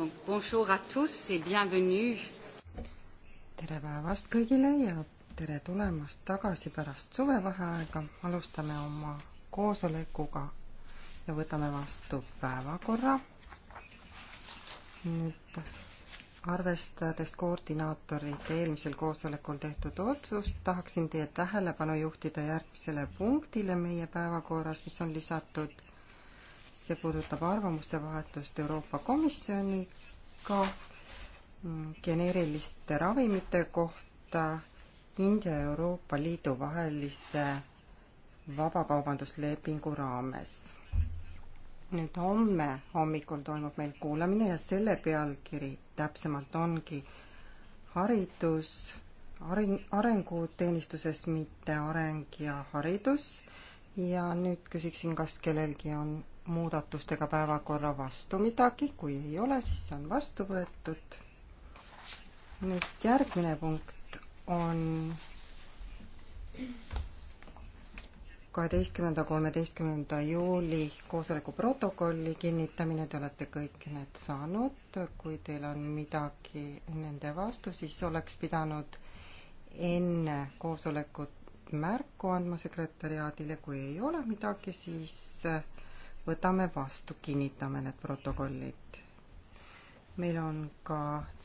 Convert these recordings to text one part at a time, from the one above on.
Donc, bonjour à tous et bienvenue. tere päevast kõigile ja tere tulemast tagasi pärast suvevaheaega. alustame oma koosolekuga ja võtame vastu päevakorra. nüüd arvestades koordinaatorite eelmisel koosolekul tehtud otsust, tahaksin teie tähelepanu juhtida järgmisele punktile meie päevakorras, mis on lisatud see puudutab arvamuste vahetust Euroopa Komisjoniga geneeriliste ravimite kohta India ja Euroopa Liidu vahelise vabakaubanduslepingu raames. nüüd homme hommikul toimub meil kuulamine ja selle pealkiri täpsemalt ongi haridus areng, arenguteenistuses, mitte areng ja haridus. ja nüüd küsiksin, kas kellelgi on muudatustega päevakorra vastu midagi, kui ei ole, siis see on vastu võetud. nüüd järgmine punkt on kaheteistkümnenda, kolmeteistkümnenda juuli koosoleku protokolli kinnitamine, te olete kõik need saanud, kui teil on midagi nende vastu, siis oleks pidanud enne koosolekut märku andma sekretäriaadile, kui ei ole midagi, siis võtame vastu, kinnitame need protokollid. meil on ka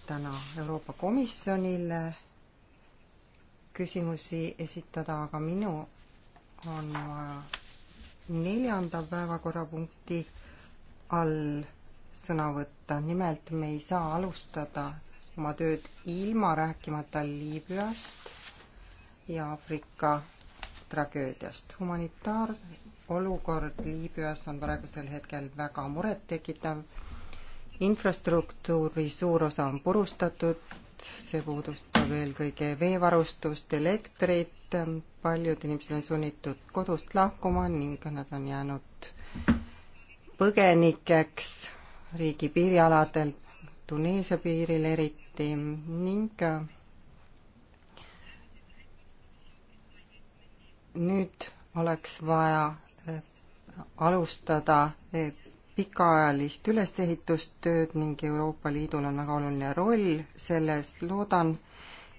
täna Euroopa Komisjonile küsimusi esitada, aga minu on vaja neljanda päevakorrapunkti all sõna võtta, nimelt me ei saa alustada oma tööd ilma rääkimata Liibüast ja Aafrika tragöödiast. humanitaar- olukord Liibüas on praegusel hetkel väga murettekitav. infrastruktuuri suur osa on purustatud, see puudustab eelkõige veevarustust, elektrit, paljud inimesed on sunnitud kodust lahkuma ning nad on jäänud põgenikeks riigi piirialadel, Tuneesia piiril eriti ning äh, nüüd oleks vaja alustada eh, pikaajalist ülesehitustööd ning Euroopa Liidul on väga oluline roll selles. loodan,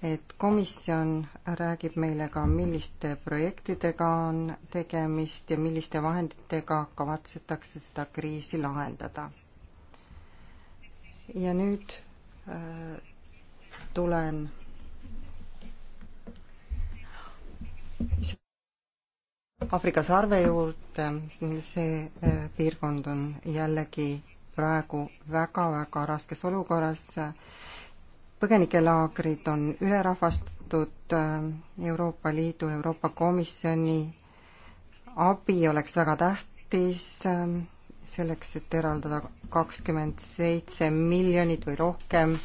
et komisjon räägib meile ka, milliste projektidega on tegemist ja milliste vahenditega kavatsetakse seda kriisi lahendada. ja nüüd äh, tulen Aafrika sarve juurde, see eh, piirkond on jällegi praegu väga-väga raskes olukorras. põgenikelaagrid on ülerahvastatud, eh, Euroopa Liidu, Euroopa Komisjoni abi oleks väga tähtis eh, selleks, et eraldada kakskümmend seitse miljonit või rohkem,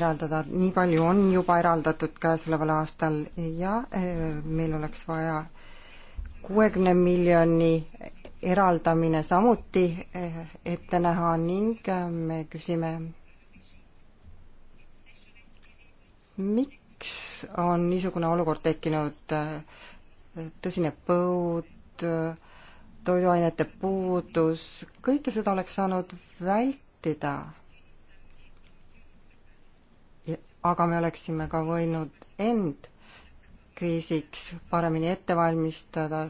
eraldada, nii palju on juba eraldatud käesoleval aastal ja meil oleks vaja kuuekümne miljoni eraldamine samuti eh, ette näha ning eh, me küsime, miks on niisugune olukord tekkinud, eh, tõsine põud, toiduainete puudus, kõike seda oleks saanud vältida. aga me oleksime ka võinud end kriisiks paremini ette valmistada,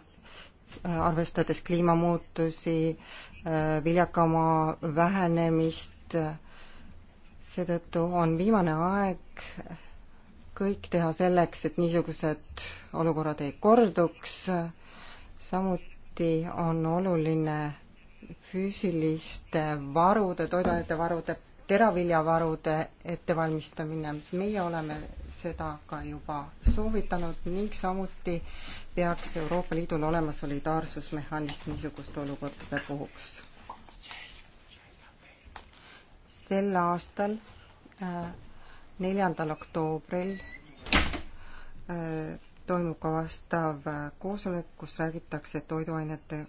arvestades kliimamuutusi, äh, viljamaa vähenemist, seetõttu on viimane aeg kõik teha selleks, et niisugused olukorrad ei korduks, samuti on oluline füüsiliste varude, toiduainete varude teraviljavarude ettevalmistamine, meie oleme seda ka juba soovitanud ning samuti peaks Euroopa Liidul olema solidaarsusmehhanism niisuguste olukordade puhuks. sel aastal, äh, neljandal oktoobril äh, toimub ka vastav äh, koosolek, kus räägitakse toiduainete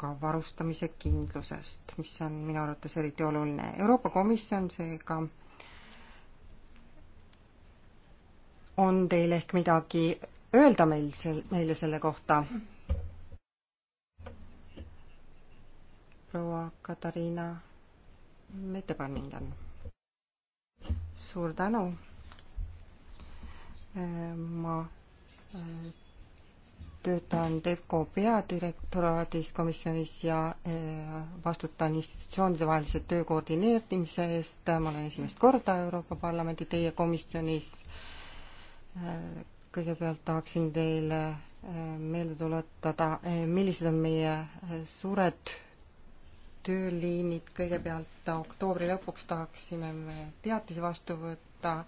ka varustamise kindlusest, mis on minu arvates eriti oluline. Euroopa Komisjon seega on teil ehk midagi öelda meil sel-, meile selle kohta? proua Katariina Metepanningen. suur tänu. Äh, ma äh, töötan DEVCO peadirektoraadis komisjonis ja eh, vastutan institutsioonide vahelise töö koordineerimise eest. ma olen esimest korda Euroopa Parlamendi teie komisjonis. Eh, kõigepealt tahaksin teile eh, meelde tuletada, millised on meie suured tööliinid. kõigepealt oktoobri lõpuks tahaksime me teatise vastu võtta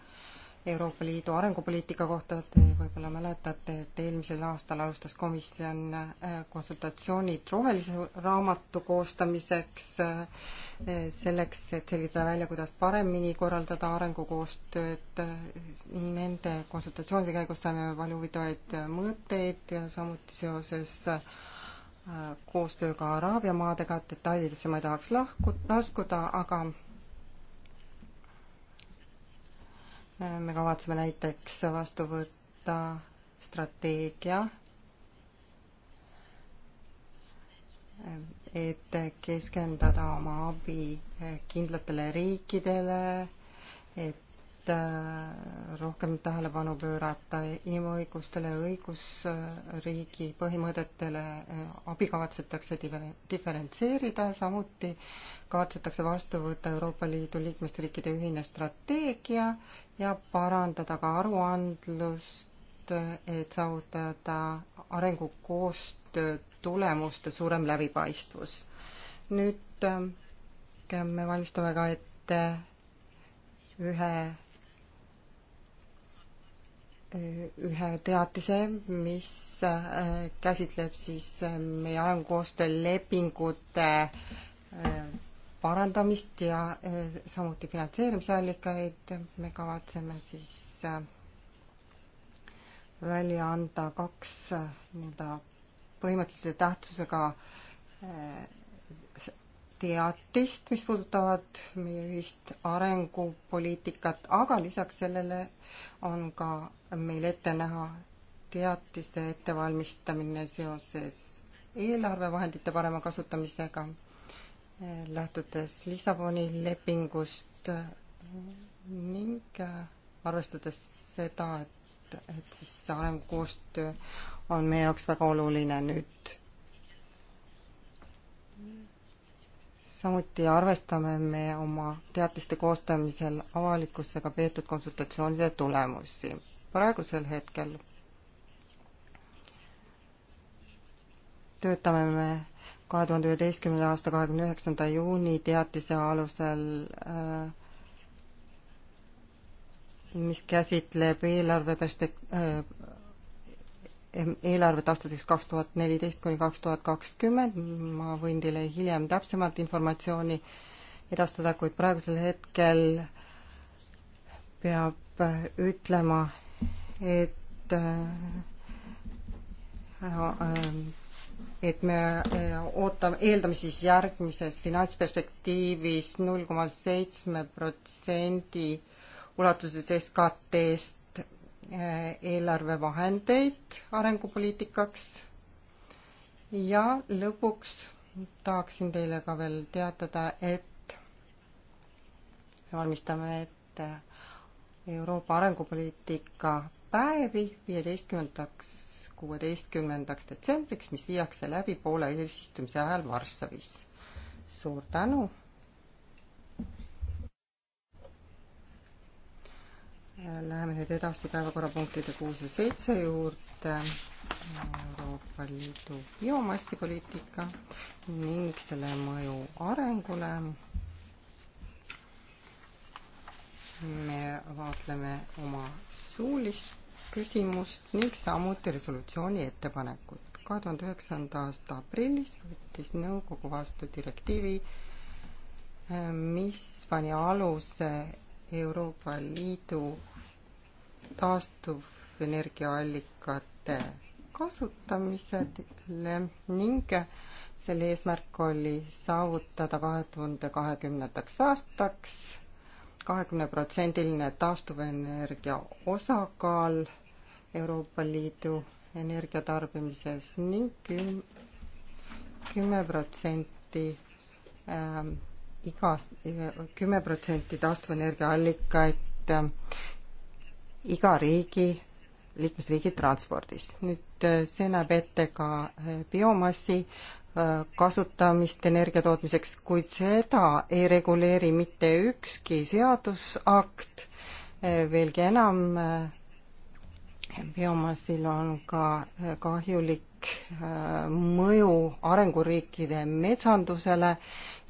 Euroopa Liidu arengupoliitika kohta, te võib-olla mäletate, et eelmisel aastal alustas komisjon äh, konsultatsioonid rohelise raamatu koostamiseks, äh, selleks, et selgitada välja, kuidas paremini korraldada arengukoostööd. Nende konsultatsioonide käigus saime palju huvitavaid äh, mõtteid ja samuti seoses koostööga Araabia maadega, detailidesse ma ei tahaks lahku, laskuda, aga me kavatseme näiteks vastu võtta strateegia, et keskenduda oma abi kindlatele riikidele, et Äh, rohkem tähelepanu pöörata inimõigustele, õigusriigi põhimõtetele, äh, abi kavatsetakse diferentseerida, samuti kavatsetakse vastu võtta Euroopa Liidu liikmesriikide ühine strateegia ja parandada ka aruandlust, et saavutada arengukoostöö tulemuste suurem läbipaistvus. nüüd äh, me valmistame ka ette ühe ühe teatise, mis äh, käsitleb siis äh, meie arengukoostöö lepingute äh, parandamist ja samuti finantseerimisallikaid. me kavatseme siis välja anda kaks nii-öelda põhimõttelise tähtsusega teatist, mis puudutavad meie ühist arengupoliitikat, aga lisaks sellele on ka meil ette näha teatise ettevalmistamine seoses eelarvevahendite parema kasutamisega, lähtudes Lissaboni lepingust ning arvestades seda, et, et siis arengukoostöö on meie jaoks väga oluline nüüd samuti arvestame me oma teatiste koostamisel avalikkusega peetud konsultatsioonide tulemusi. praegusel hetkel töötame me kahe tuhande üheteistkümnenda aasta kahekümne üheksanda juuni teatise alusel äh, mis käsitleb eelarve perspek-, äh, eelarvet aastateks kaks tuhat neliteist kuni kaks tuhat kakskümmend, ma võin teile hiljem täpsemat informatsiooni edastada, kuid praegusel hetkel peab äh, ütlema, et äh, ähm, et me äh, ootame, eeldame siis järgmises finantsperspektiivis null koma seitsme protsendi ulatuses SKT-st Eh, eelarvevahendeid arengupoliitikaks ja lõpuks tahaksin teile ka veel teatada, et me valmistame ette Euroopa arengupoliitika päevi viieteistkümnendaks, kuueteistkümnendaks detsembriks, mis viiakse läbi Poola eesistumise ajal Varssavis. suur tänu Läheme nüüd edasi päevakorrapunktide kuus ja seitse juurde. Euroopa Liidu biomassipoliitika ning selle mõju arengule. me vaatleme oma suulist küsimust ning samuti resolutsiooni ettepanekut. kahe tuhande üheksanda aasta aprillis võttis nõukogu vastu direktiivi, mis pani aluse Euroopa Liidu taastuvenergiaallikate kasutamisele ning selle eesmärk oli saavutada kahe tuhande kahekümnendaks aastaks kahekümneprotsendiline taastuvenergia osakaal Euroopa Liidu energiatarbimises ning kümme protsenti ähm, igas, kümme protsenti taastuvenergia allikaid äh, iga riigi, liikmesriigi transpordis. nüüd äh, see näeb ette ka äh, biomassi kasutamist energia tootmiseks, kuid seda ei reguleeri mitte ükski seadusakt, veelgi enam, biomassil on ka kahjulik Äh, mõju arenguriikide metsandusele,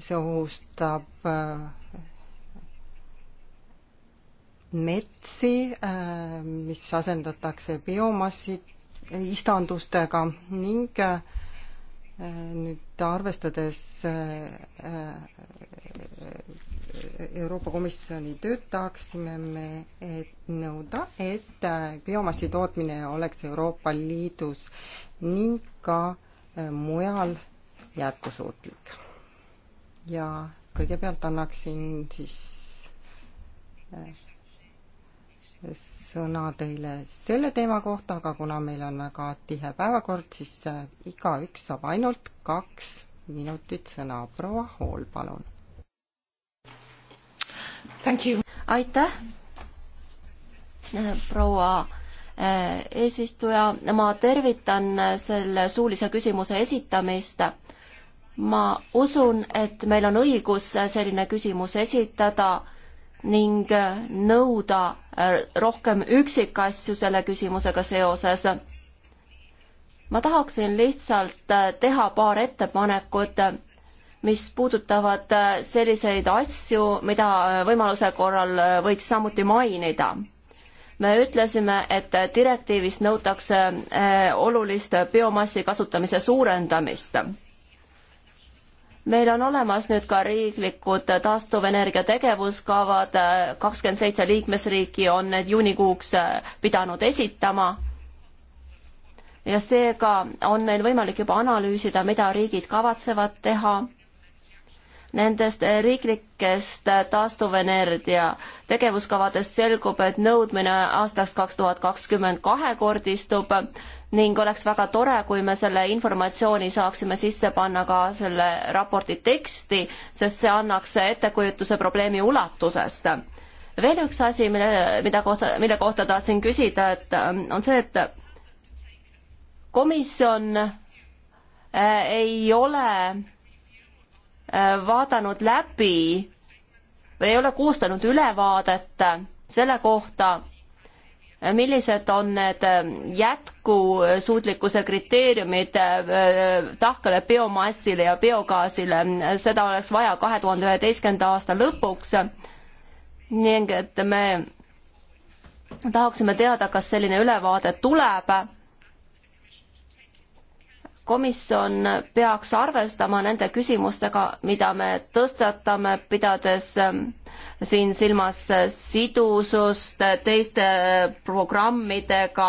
see ohustab äh, metsi, äh, mis asendatakse biomassi istandustega ning nüüd arvestades Euroopa Komisjoni tööd tahaksime me et nõuda, et äh, biomassi tootmine oleks Euroopa Liidus ning ka äh, mujal jätkusuutlik. ja kõigepealt annaksin siis äh, sõna teile selle teema kohta, aga kuna meil on väga tihe päevakord, siis igaüks saab ainult kaks minutit sõna. proua Hool, palun aitäh, proua eh, eesistuja, ma tervitan selle suulise küsimuse esitamist. ma usun, et meil on õigus selline küsimus esitada ning nõuda eh, rohkem üksikasju selle küsimusega seoses. ma tahaksin lihtsalt eh, teha paar ettepanekut mis puudutavad äh, selliseid asju, mida äh, võimaluse korral äh, võiks samuti mainida. me ütlesime, et direktiivis nõutakse olulist biomassi kasutamise suurendamist meil on olemas nüüd ka riiklikud taastuvenergia tegevuskavad, kakskümmend seitse liikmesriiki on need juunikuuks pidanud esitama. ja seega on meil võimalik juba analüüsida, mida riigid kavatsevad teha nendest eh, riiklikest eh, taastuvenergia tegevuskavadest selgub, et nõudmine aastaks kaks tuhat kakskümmend kahekordistub ning oleks väga tore, kui me selle informatsiooni saaksime sisse panna ka selle raporti teksti, sest see annaks ettekujutuse probleemi ulatusest. veel üks asi, mille, mida kohta, mille kohta tahtsin küsida, et eh, on see, et komisjon ei ole Äh, vaadanud läbi või ei ole koostanud ülevaadet selle kohta, millised on need jätkusuutlikkuse kriteeriumid äh, tahkele biomassile ja biogaasile, seda oleks vaja kahe tuhande üheteistkümnenda aasta lõpuks. nii et me tahaksime teada, kas selline ülevaade tuleb komisjon peaks arvestama nende küsimustega, mida me tõstatame, pidades ähm, siin silmas äh, sidusust äh, teiste programmidega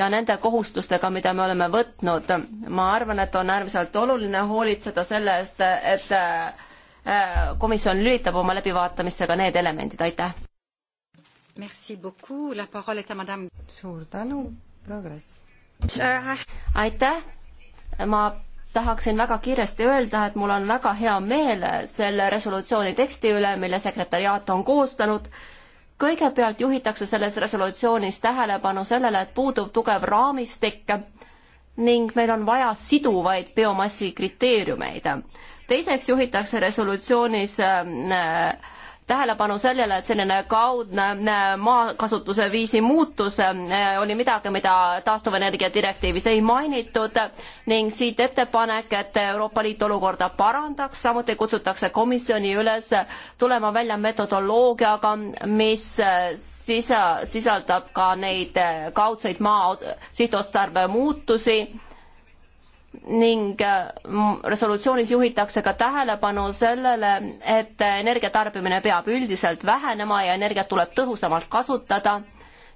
ja nende kohustustega, mida me oleme võtnud. ma arvan, et on äärmiselt oluline hoolitseda selle eest, et äh, komisjon lülitab oma läbivaatamisse ka need elemendid, aitäh. Merci beaucoup, la parole est à madame. suur tänu, progress. aitäh ma tahaksin väga kiiresti öelda, et mul on väga hea meel selle resolutsiooni teksti üle, mille sekretäriaat on koostanud. kõigepealt juhitakse selles resolutsioonis tähelepanu sellele, et puudub tugev raamistik ning meil on vaja siduvaid biomassi kriteeriumeid. teiseks juhitakse resolutsioonis äh, tähelepanu sellele, et selline kaudne äh, maakasutuse viisi muutus äh, oli midagi, mida taastuvenergia direktiivis ei mainitud ning siit ettepanek, et Euroopa Liit olukorda parandaks, samuti kutsutakse komisjoni üles tulema välja metodoloogiaga, mis äh, sisa, sisaldab ka neid kaudseid maa sihtotstarbe muutusi ning äh, resolutsioonis juhitakse ka tähelepanu sellele, et energia tarbimine peab üldiselt vähenema ja energiat tuleb tõhusamalt kasutada.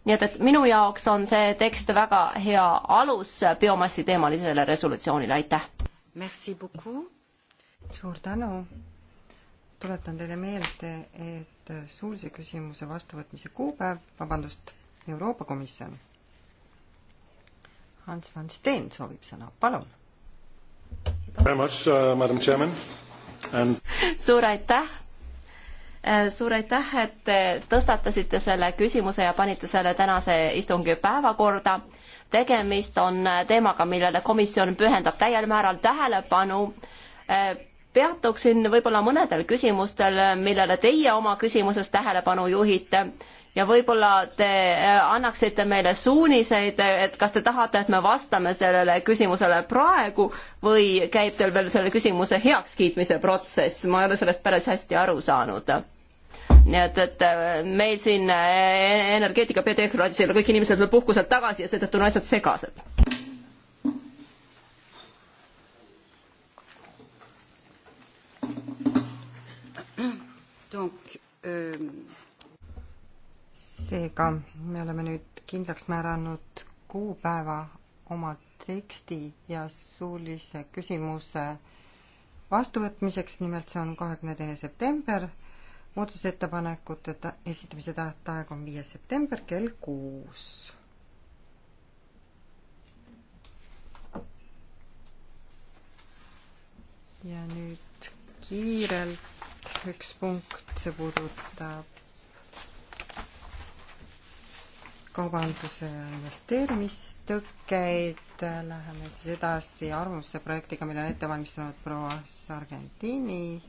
nii et, et minu jaoks on see tekst väga hea alus biomassi teemalisele resolutsioonile, aitäh! suur tänu! tuletan teile meelde, et suulise küsimuse vastuvõtmise kuupäev, vabandust, Euroopa Komisjon Hans van Steen soovib sõna, palun. Uh, suur aitäh, äh, suur aitäh, et te tõstatasite selle küsimuse ja panite selle tänase istungi päevakorda. tegemist on äh, teemaga, millele komisjon pühendab täiel määral tähelepanu. Äh, peatuksin võib-olla mõnedel küsimustel, millele teie oma küsimuses tähelepanu juhite ja võib-olla te äh, annaksite meile suuniseid, et kas te tahate, et me vastame sellele küsimusele praegu või käib teil veel selle küsimuse heakskiitmise protsess, ma ei ole sellest päris hästi aru saanud nii et, et äh, meil siin äh, energeetika peadirektoraadis ei ole kõik inimesed veel puhkuselt tagasi ja seetõttu on asjad segased. Donc, euh, seega me oleme nüüd kindlaks määranud kuupäeva oma teksti ja suulise küsimuse vastuvõtmiseks, nimelt see on kahekümne teine september, muudatusettepanekute ta-, esitamise tähtaeg on viies september kell kuus. ja nüüd kiirelt üks punkt, see puudutab kaubanduse investeerimistõkkeid, läheme siis edasi arvamuse projektiga, mille on ette valmistanud proua Sargentini.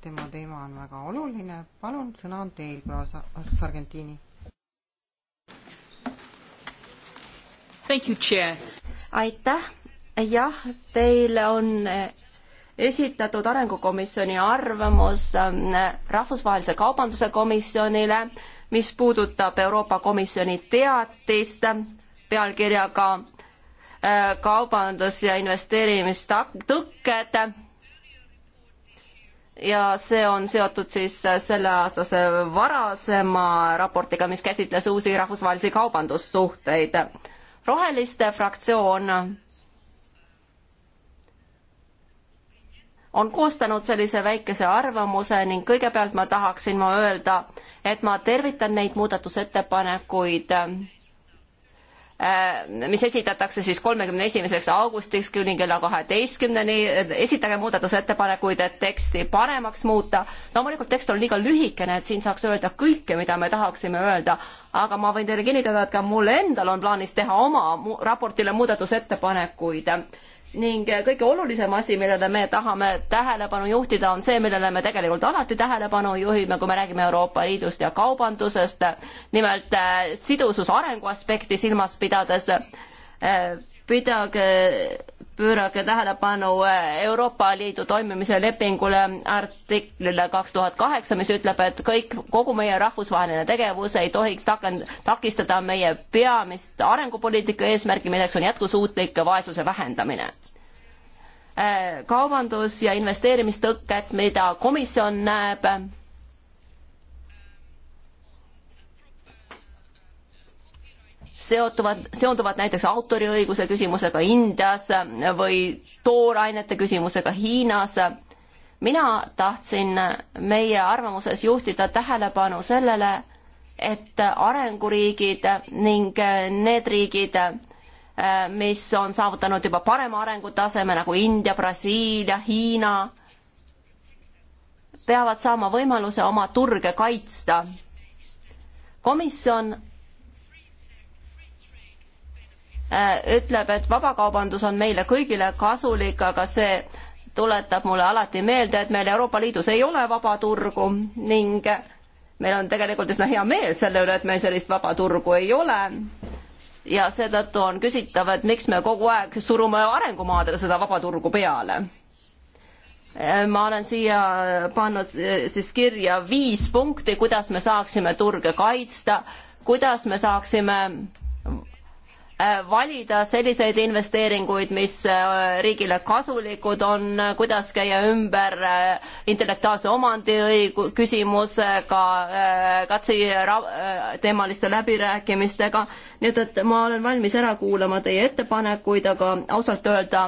tema teema on väga oluline, palun, sõna on teil, proua Sargentini. aitäh, jah, teil on esitatud Arengukomisjoni arvamus ähm, Rahvusvahelise Kaubanduse Komisjonile, mis puudutab Euroopa Komisjoni teatist pealkirjaga äh, kaubandus- ja investeerimistõkked ja see on seotud siis äh, selleaastase varasema raportiga, mis käsitles uusi rahvusvahelisi kaubandussuhteid. roheliste fraktsioon on koostanud sellise väikese arvamuse ning kõigepealt ma tahaksin ma öelda, et ma tervitan neid muudatusettepanekuid, äh, mis esitatakse siis kolmekümne esimeseks augustiks kuni kella kaheteistkümneni, esitage muudatusettepanekuid, et teksti paremaks muuta no,. loomulikult tekst on liiga lühikene, et siin saaks öelda kõike, mida me tahaksime öelda, aga ma võin teile kinnitada, et ka mul endal on plaanis teha oma mu raportile muudatusettepanekuid ning kõige olulisem asi, millele me tahame tähelepanu juhtida, on see, millele me tegelikult alati tähelepanu juhime, kui me räägime Euroopa Liidust ja kaubandusest. nimelt äh, sidusus arengu aspekti silmas pidades äh, pidage pöörage tähelepanu eh, Euroopa Liidu toimimise lepingule artiklile kaks tuhat kaheksa, mis ütleb, et kõik, kogu meie rahvusvaheline tegevus ei tohiks takend-, takistada meie peamist arengupoliitika eesmärki, milleks on jätkusuutlik vaesuse vähendamine eh, kaubandus- ja investeerimistõkked, mida komisjon näeb seotuvad, seonduvad näiteks autoriõiguse küsimusega Indias või toorainete küsimusega Hiinas. mina tahtsin meie arvamuses juhtida tähelepanu sellele, et arenguriigid ning need riigid, mis on saavutanud juba parema arengutaseme nagu India, Brasiilia, Hiina, peavad saama võimaluse oma turge kaitsta. komisjon Äh, ütleb, et vabakaubandus on meile kõigile kasulik, aga see tuletab mulle alati meelde, et meil Euroopa Liidus ei ole vaba turgu ning meil on tegelikult üsna hea meel selle üle, et meil sellist vaba turgu ei ole. ja seetõttu on küsitav, et miks me kogu aeg surume arengumaadele seda vaba turgu peale. Äh, ma olen siia pannud äh, siis kirja viis punkti, kuidas me saaksime turge kaitsta, kuidas me saaksime Äh, valida selliseid investeeringuid, mis äh, riigile kasulikud on, kuidas käia ümber äh, intellektuaalse omandi küsimusega, katseteemaliste läbirääkimistega. nii et, et ma olen valmis ära kuulama teie ettepanekuid, aga ausalt öelda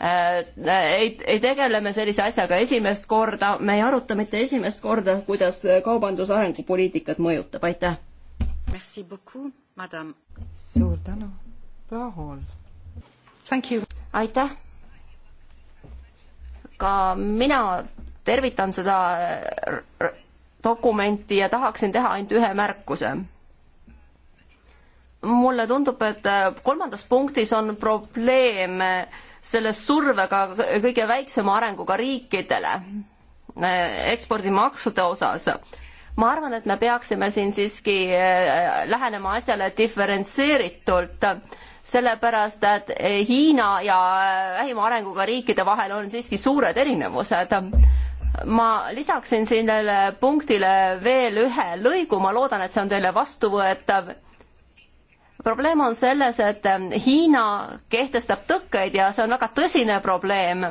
ei, ei tegele me sellise asjaga esimest korda, me ei aruta mitte esimest korda, kuidas kaubandusarengu poliitikat mõjutab, aitäh Merci beaucoup, madam. suur tänu, proua Hall. Thank you. aitäh. ka mina tervitan seda dokumenti ja tahaksin teha ainult ühe märkuse mulle tundub, et kolmandas punktis on probleem selle survega kõige väiksema arenguga riikidele ekspordimaksude osas ma arvan, et me peaksime siin siiski äh, lähenema asjale diferentseeritult, sellepärast et äh, Hiina ja äh, vähima arenguga riikide vahel on siiski suured erinevused ma lisaksin sellele punktile veel ühe lõigu, ma loodan, et see on teile vastuvõetav. probleem on selles, et Hiina kehtestab tõkkeid ja see on väga tõsine probleem.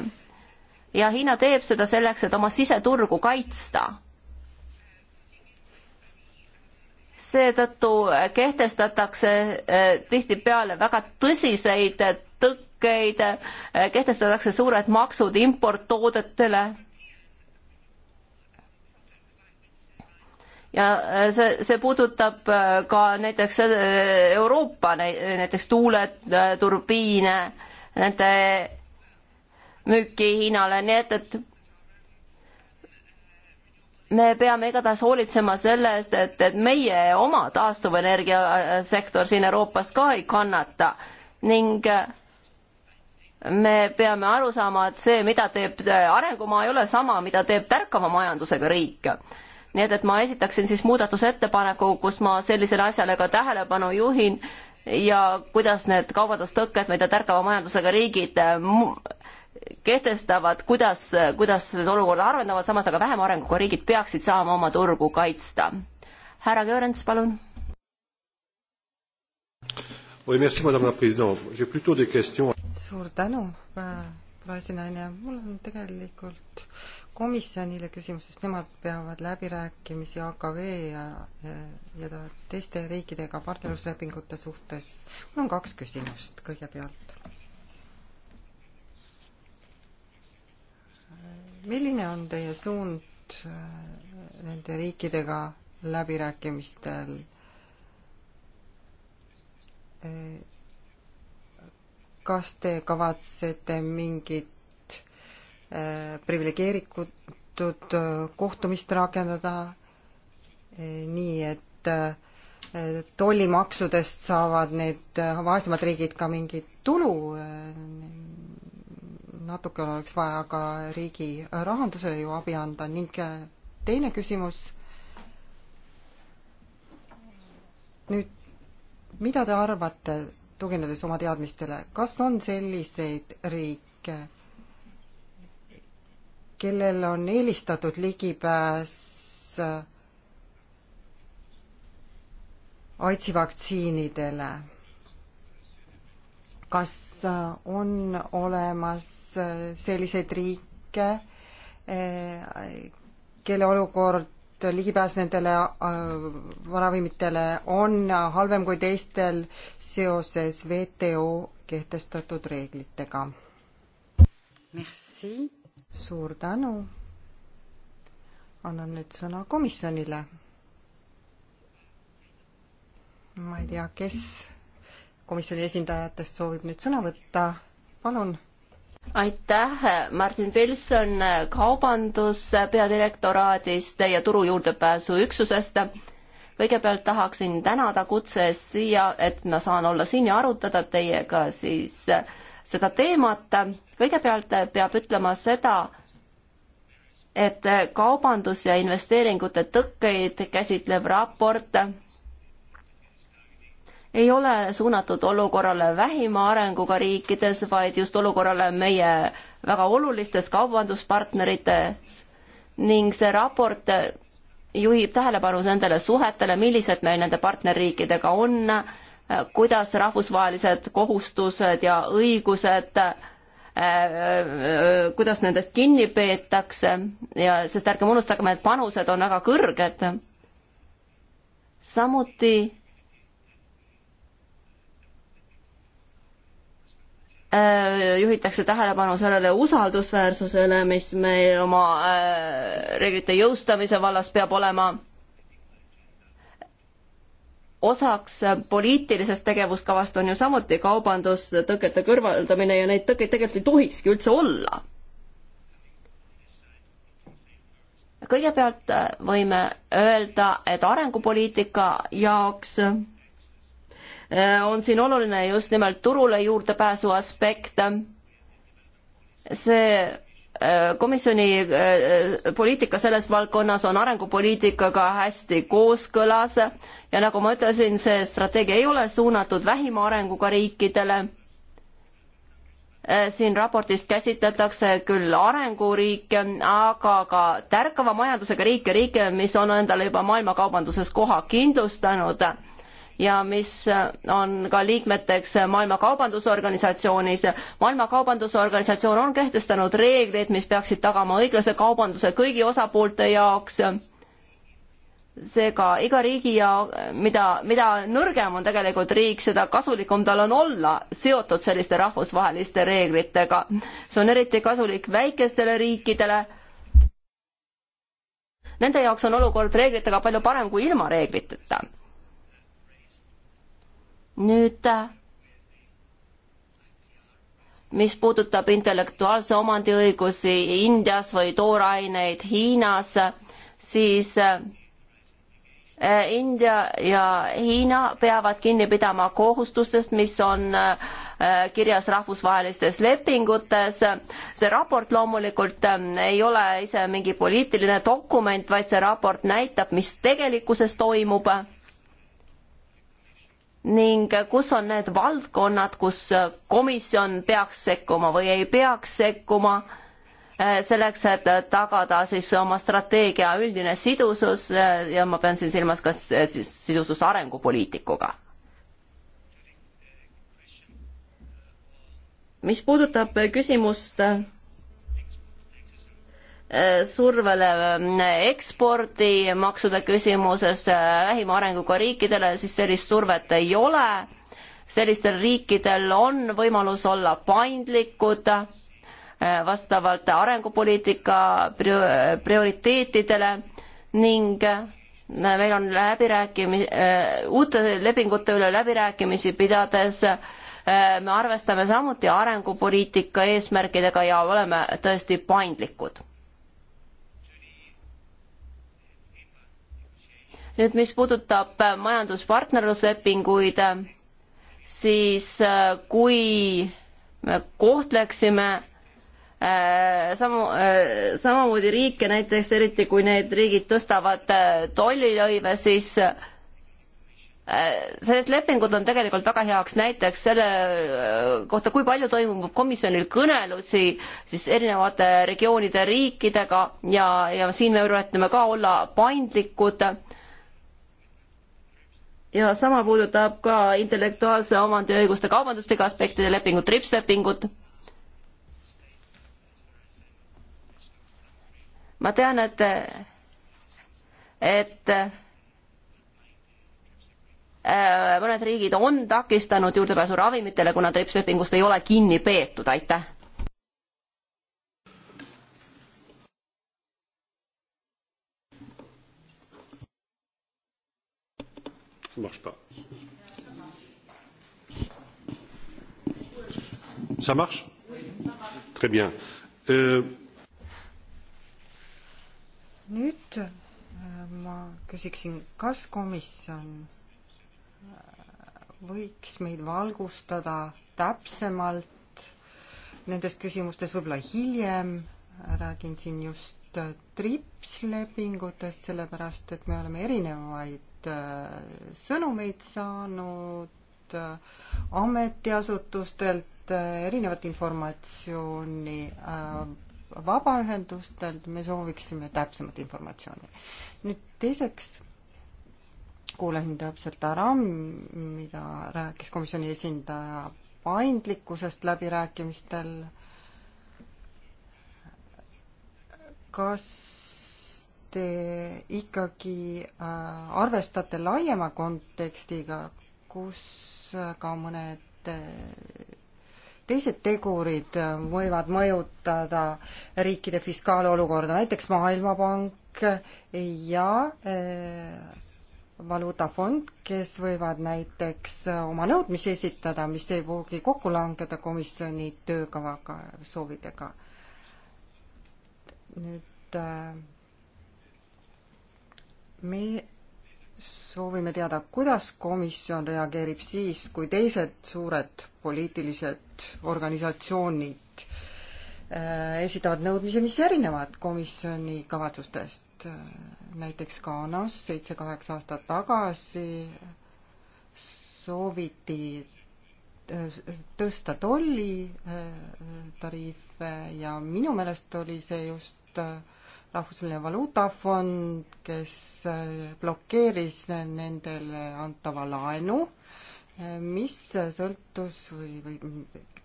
ja Hiina teeb seda selleks, et oma siseturgu kaitsta seetõttu äh, kehtestatakse äh, tihtipeale väga tõsiseid äh, tõkkeid, kehtestatakse suured maksud importtoodetele ja see, see puudutab ka näiteks Euroopa näiteks tuuleturbiine, nende müüki Hiinale, nii et, et me peame igatahes hoolitsema selle eest, et, et meie oma taastuvenergiasektor siin Euroopas ka ei kannata ning me peame aru saama, et see, mida teeb arengumaa, ei ole sama, mida teeb tärkava majandusega riik. nii et, et ma esitaksin siis muudatusettepaneku, kus ma sellisele asjale ka tähelepanu juhin ja kuidas need kaubandustõkked, mida tärkava majandusega riigid kehtestavad, kuidas, kuidas seda olukorda harvendavad, samas aga vähem arenguga riigid peaksid saama oma turgu kaitsta. härra Görens, palun. suur tänu, äh, praesinaine, mul on tegelikult komisjonile küsimus, sest nemad peavad läbirääkimisi AKV ja, ja teiste riikidega partnerluslepingute suhtes. mul on kaks küsimust kõigepealt milline on teie suund äh, nende riikidega läbirääkimistel? Äh, kas te kavatsete mingit äh, priviligeeritud kohtumist rakendada nii, et tollimaksudest saavad need vaesemad riigid ka mingit tulu, natuke oleks vaja ka riigi rahandusele ju abi anda ning teine küsimus. nüüd, mida te arvate, tuginedes oma teadmistele, kas on selliseid riike, kellel on eelistatud ligipääs äh, AIDSi vaktsiinidele? kas äh, on olemas äh, selliseid riike, äh, kelle olukord ligipääs nendele varavimitele on halvem kui teistel seoses WTO kehtestatud reeglitega. suur tänu. annan nüüd sõna komisjonile. ma ei tea, kes komisjoni esindajatest soovib nüüd sõna võtta, palun. aitäh, Martin Pilson Kaubandus peadirektoraadist ja turu juurdepääsu üksusest. kõigepealt tahaksin tänada kutse eest siia, et ma saan olla siin ja arutada teiega siis seda teemat. kõigepealt peab ütlema seda, et kaubandus ja investeeringute tõkkeid käsitlev raport ei ole suunatud olukorrale vähima arenguga riikides, vaid just olukorrale meie väga olulistes kaubanduspartnerites ning see raport juhib tähelepanu nendele suhetele, millised meil nende partnerriikidega on, kuidas rahvusvahelised kohustused ja õigused kuidas nendest kinni peetakse ja, sest ärgem unustagem, et panused on väga kõrged. samuti Äh, juhitakse tähelepanu sellele usaldusväärsusele, mis meil oma äh, reeglite jõustamise vallas peab olema osaks poliitilisest tegevuskavast on ju samuti kaubandustõkete kõrvaldamine ja neid tõkkeid tegelikult ei tohikski üldse olla. kõigepealt äh, võime öelda, et arengupoliitika jaoks Äh, on siin oluline just nimelt turule juurdepääsu aspekt. see äh, komisjoni äh, poliitika selles valdkonnas on arengupoliitikaga hästi kooskõlas ja nagu ma ütlesin, see strateegia ei ole suunatud vähima arenguga riikidele. siin raportis käsitletakse küll arenguriike, aga ka tärkava majandusega riike, riike, mis on endale juba maailmakaubanduses koha kindlustanud ja mis on ka liikmeteks Maailma Kaubandusorganisatsioonis. maailma Kaubandusorganisatsioon on kehtestanud reegleid, mis peaksid tagama õiglase kaubanduse kõigi osapoolte jaoks seega iga riigi ja mida, mida nõrgem on tegelikult riik, seda kasulikum tal on olla seotud selliste rahvusvaheliste reeglitega. see on eriti kasulik väikestele riikidele. Nende jaoks on olukord reeglitega palju parem kui ilma reegliteta nüüd mis puudutab intellektuaalse omandiõigusi Indias või tooraineid Hiinas, siis eh, India ja Hiina peavad kinni pidama kohustustest, mis on eh, kirjas rahvusvahelistes lepingutes. see raport loomulikult eh, ei ole ise mingi poliitiline dokument, vaid see raport näitab, mis tegelikkuses toimub ning kus on need valdkonnad, kus komisjon peaks sekkuma või ei peaks sekkuma, eh, selleks, et tagada siis oma strateegia üldine sidusus eh, ja ma pean siin silmas ka eh, siis sidusust arengupoliitikuga. mis puudutab küsimust Äh, survele äh, ekspordimaksude küsimuses äh, vähima arenguga riikidele, siis sellist survet ei ole. sellistel riikidel on võimalus olla paindlikud vastavalt arengupoliitika prioriteetidele ning meil on läbirääkimi-, uute lepingute üle läbirääkimisi pidades me arvestame samuti arengupoliitika eesmärkidega ja oleme tõesti paindlikud nüüd, mis puudutab äh, majanduspartnerluslepinguid, äh, siis äh, kui me kohtleksime samu, samamoodi riike näiteks, eriti kui need riigid tõstavad tollilõive, siis need lepingud on tegelikult väga heaks näiteks selle kohta, kui palju toimub komisjonil kõnelusi siis erinevate regioonide riikidega ja, ja siin me üritame ka olla paindlikud ja sama puudutab ka intellektuaalse omandiõiguste kaubanduslike aspektide lepingut, TRIPS lepingut. ma tean, et, et äh, mõned riigid on takistanud juurdepääsu ravimitele, kuna TRIPS lepingust ei ole kinni peetud, aitäh ne marche pas. Ça marche Très bien. Euh... nüüd äh, ma küsiksin, kas komisjon äh, võiks meid valgustada täpsemalt nendes küsimustes võib-olla hiljem, räägin siin just äh, TRIPS lepingutest, sellepärast et me oleme erinevaid Äh, sõnumeid saanud äh, ametiasutustelt, äh, erinevat informatsiooni vabaühendustelt, me sooviksime täpsemat informatsiooni. nüüd teiseks kuulasin täpselt ära, mida rääkis komisjoni esindaja paindlikkusest läbirääkimistel. kas te ikkagi äh, arvestate laiema kontekstiga, kus äh, ka mõned äh, teised tegurid võivad mõjutada riikide fiskaalolukorda, näiteks Maailmapank ja valuutafond, kes võivad näiteks oma nõudmisi esitada, mis ei pruugi kokku langeda komisjoni töökavaga, soovidega. nüüd äh, me soovime teada, kuidas komisjon reageerib siis, kui teised suured poliitilised organisatsioonid äh, esitavad nõudmisi, mis erinevad komisjoni kavatsustest. Äh, näiteks Ghanas seitse-kaheksa aastat tagasi sooviti äh, tõsta tollitariife ja minu meelest oli see just äh, rahvusvaheline valuutafond, kes äh, blokeeris nendele antava laenu, äh, mis sõltus või, või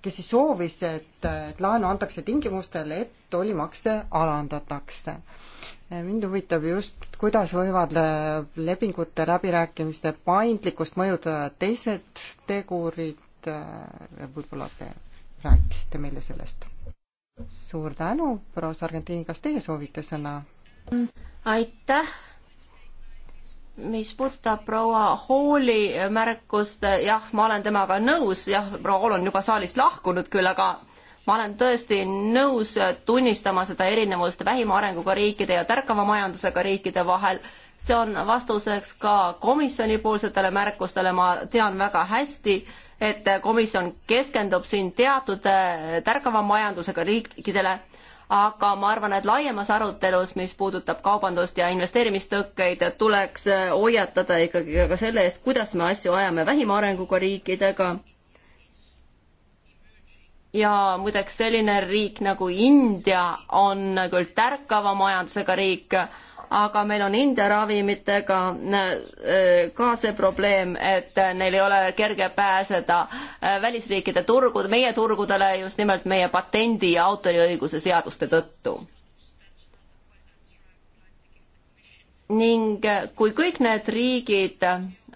kes siis soovis, et, äh, et laenu antakse tingimustel, et tollimakse alandatakse. mind huvitab just, kuidas võivad lepingute läbirääkimiste paindlikkust mõjutada teised tegurid, võib-olla te rääkisite meile sellest suur tänu, proua Sargentini, kas teie soovite sõna? aitäh mis puudutab proua Hooli märkust, jah, ma olen temaga nõus, jah, proua Hool on juba saalist lahkunud küll, aga ma olen tõesti nõus tunnistama seda erinevust vähima arenguga riikide ja tärkava majandusega riikide vahel. see on vastuseks ka komisjonipoolsetele märkustele, ma tean väga hästi, et komisjon keskendub siin teatud äh, tärkava majandusega riikidele, aga ma arvan, et laiemas arutelus, mis puudutab kaubandust ja investeerimistõkkeid, tuleks äh, hoiatada ikkagi ka selle eest, kuidas me asju ajame vähima arenguga riikidega. ja muideks selline riik nagu India on küll tärkava majandusega riik, aga meil on India ravimitega äh, ka see probleem, et neil ei ole kerge pääseda äh, välisriikide turgud, meie turgudele just nimelt meie patendi ja autoriõiguse seaduste tõttu. ning äh, kui kõik need riigid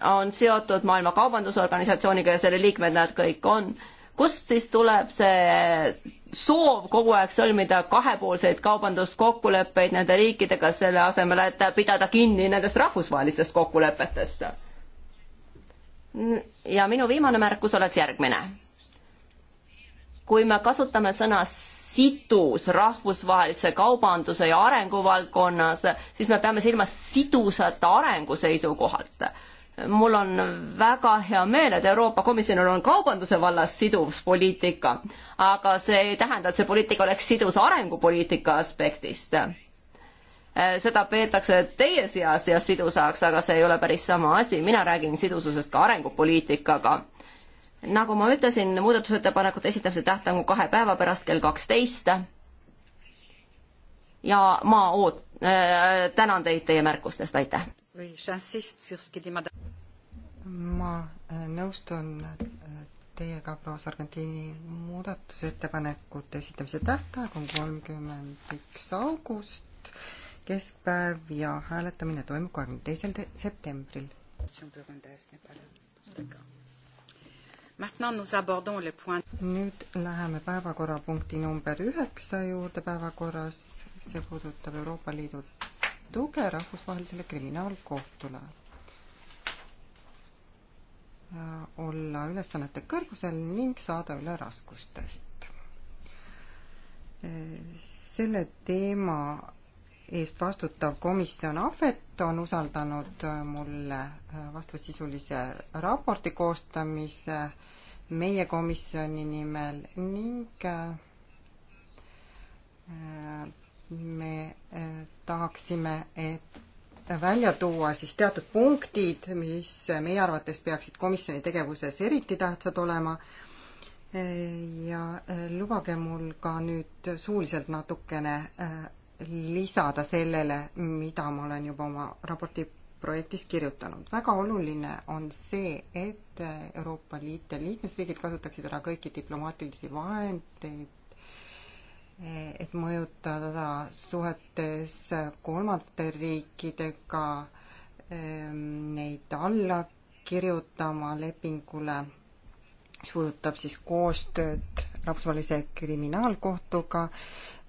on seotud Maailma Kaubandusorganisatsiooniga ja selle liikmed nad kõik on, kust siis tuleb see soov kogu aeg sõlmida kahepoolseid kaubanduskokkuleppeid nende riikidega, selle asemel, et pidada kinni nendest rahvusvahelistest kokkulepetest. ja minu viimane märkus oleks järgmine. kui me kasutame sõna sidus rahvusvahelise kaubanduse ja arengu valdkonnas, siis me peame silmas sidusat arengu seisukohalt mul on väga hea meel, et Euroopa Komisjonil on kaubanduse vallas siduv poliitika, aga see ei tähenda, et see poliitika oleks sidus arengupoliitika aspektist. seda peetakse teie seas ja sidusaks, aga see ei ole päris sama asi, mina räägin sidususest ka arengupoliitikaga. nagu ma ütlesin, muudatusettepanekute esitamise tähtaeg on kahe päeva pärast kell kaksteist. ja ma oot-, äh, tänan teid teie märkustest, aitäh! või j'insiste sur ce que dit madame. ma äh, nõustun äh, teiega, proua Sargentini, muudatusettepanekute esitamise tähtaeg on kolmkümmend üks august, keskpäev ja hääletamine toimub kahekümne teisel septembril. nüüd läheme päevakorrapunkti number üheksa juurde päevakorras, see puudutab Euroopa Liidu tuge rahvusvahelisele kriminaalkohtule olla ülesannete kõrgusel ning saada üle raskustest. E, selle teema eest vastutav komisjon Ahvet on usaldanud mulle e, vastavasisulise raporti koostamise meie komisjoni nimel ning e, me eh, tahaksime, et välja tuua siis teatud punktid, mis meie arvates peaksid komisjoni tegevuses eriti tähtsad olema. Eh, ja eh, lubage mul ka nüüd suuliselt natukene lisada sellele, mida ma olen juba oma raporti projektis kirjutanud. väga oluline on see, et Euroopa Liit ja liikmesriigid kasutaksid ära kõiki diplomaatilisi vahendeid et mõjutada suhetes kolmandate riikidega ehm, neid alla kirjutama lepingule, mis puudutab siis koostööd Rahvusvahelise Kriminaalkohtuga,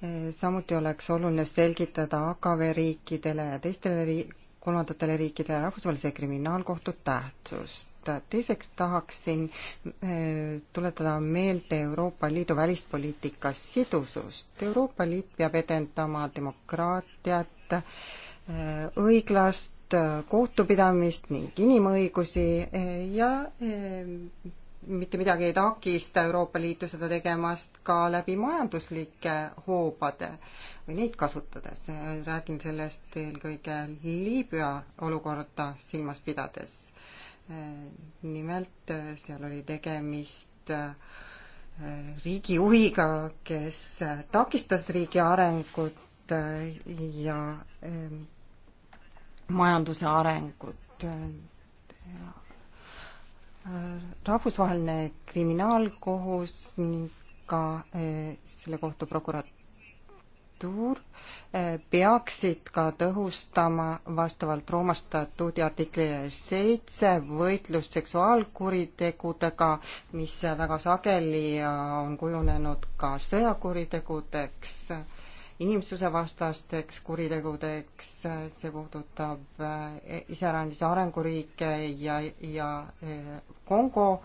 eh, samuti oleks oluline selgitada AKV riikidele ja teistele ri-, kolmandatele riikidele Rahvusvahelise Kriminaalkohtu tähtsust võtta. teiseks tahaksin äh, tuletada meelde Euroopa Liidu välispoliitika sidusust. Euroopa Liit peab edendama demokraatiat, äh, õiglast äh, kohtupidamist ning inimõigusi ja mitte midagi ei takista Euroopa Liitu seda tegemast ka läbi majanduslike hoobade või neid kasutades. räägin sellest eelkõige Liibüa olukorda silmas pidades nimelt seal oli tegemist äh, riigi juhiga, kes äh, takistas riigi arengut äh, ja ähm, majanduse arengut. rahvusvaheline kriminaalkohus ning ka selle kohtu prokurat-, prokuratuur eh, peaksid ka tõhustama vastavalt Rooma statuudi artiklile seitse võitlust seksuaalkuritegudega, mis väga sageli äh, on kujunenud ka sõjakuritegudeks, inimsusevastasteks kuritegudeks, äh, see puudutab äh, e-, iseäranis arenguriike ja, ja Kongo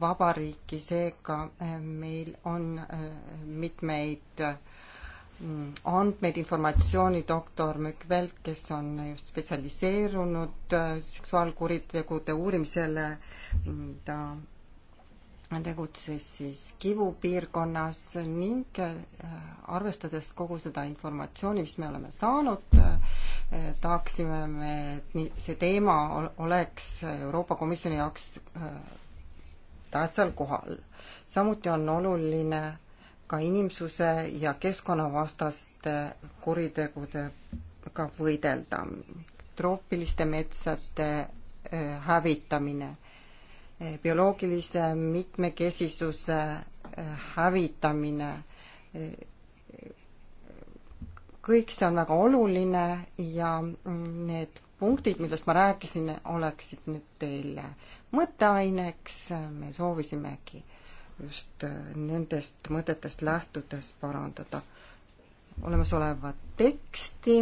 vabariiki, seega meil on mitmeid äh, Mm, andmeid, informatsiooni doktor Mökvelt, kes on just spetsialiseerunud äh, seksuaalkuritegude uurimisele, mm, ta tegutses siis Kivu piirkonnas ning äh, arvestades kogu seda informatsiooni, mis me oleme saanud, äh, tahaksime me, et see teema oleks Euroopa Komisjoni jaoks tähtsal kohal. samuti on oluline ka inimsuse ja keskkonnavastaste kuritegudega võidelda. troopiliste metsade eh, hävitamine, eh, bioloogilise mitmekesisuse eh, hävitamine, kõik see on väga oluline ja mm, need punktid, millest ma rääkisin, oleksid nüüd teile mõtteaineks, me soovisimegi just äh, nendest mõtetest lähtudes parandada olemasolevat teksti.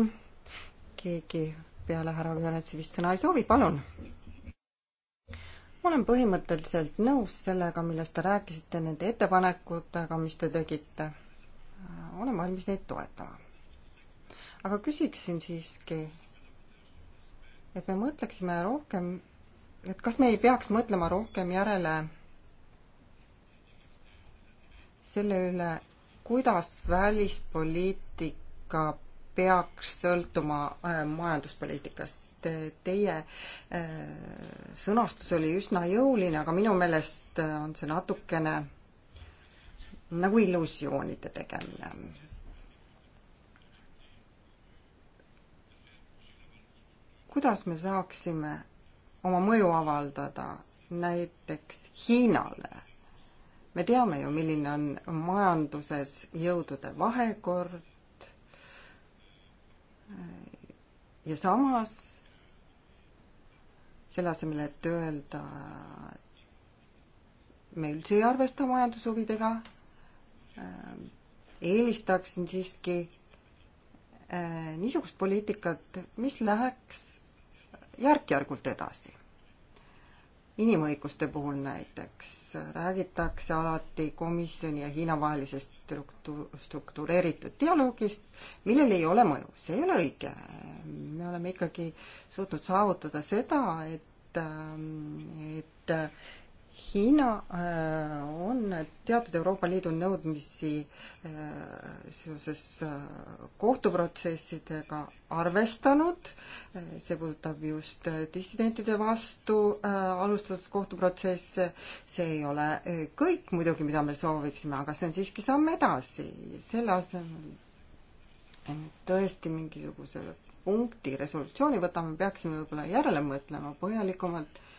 keegi peale härra Jürgenitsi vist sõna ei soovi, palun. ma olen põhimõtteliselt nõus sellega, millest te rääkisite, nende ettepanekutega, mis te tegite. Äh, olen valmis neid toetama. aga küsiksin siiski, et me mõtleksime rohkem, et kas me ei peaks mõtlema rohkem järele selle üle, kuidas välispoliitika peaks sõltuma äh, majanduspoliitikast. Teie äh, sõnastus oli üsna jõuline, aga minu meelest äh, on see natukene nagu illusioonide tegemine. kuidas me saaksime oma mõju avaldada näiteks Hiinale me teame ju, milline on majanduses jõudude vahekord ja samas selle asemel, et öelda, et me üldse ei arvesta majandushuvidega, äh, eelistaksin siiski äh, niisugust poliitikat, mis läheks järk-järgult edasi inimõiguste puhul näiteks räägitakse alati komisjoni ja Hiina vahelisest struktu-, struktureeritud dialoogist, millel ei ole mõju, see ei ole õige. me oleme ikkagi suutnud saavutada seda, et, ähm, et Hiina äh, on teatud Euroopa Liidu nõudmisi äh, seoses äh, kohtuprotsessidega arvestanud, see puudutab just dissidentide vastu alustatud kohtuprotsesse, see ei ole kõik muidugi, mida me sooviksime, aga see on siiski samm edasi, selle asemel tõesti mingisuguse punkti resolutsiooni võtame, peaksime võib-olla järele mõtlema põhjalikumalt äh,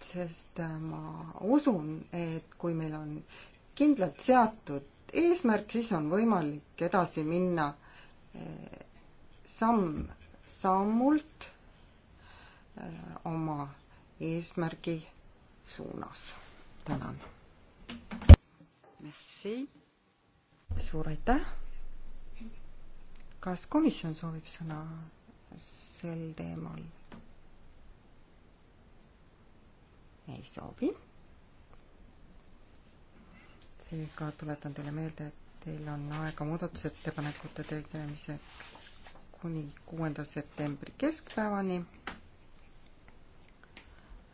sest äh, ma usun, et kui meil on kindlalt seatud eesmärk, siis on võimalik edasi minna äh, samm sammult äh, oma eesmärgi suunas. tänan. Merci. suur aitäh. kas komisjon soovib sõna sel teemal? ei soovi. seega tuletan teile meelde, et teil on aega muudatusettepanekute tegemiseks kuni kuuenda septembri keskpäevani.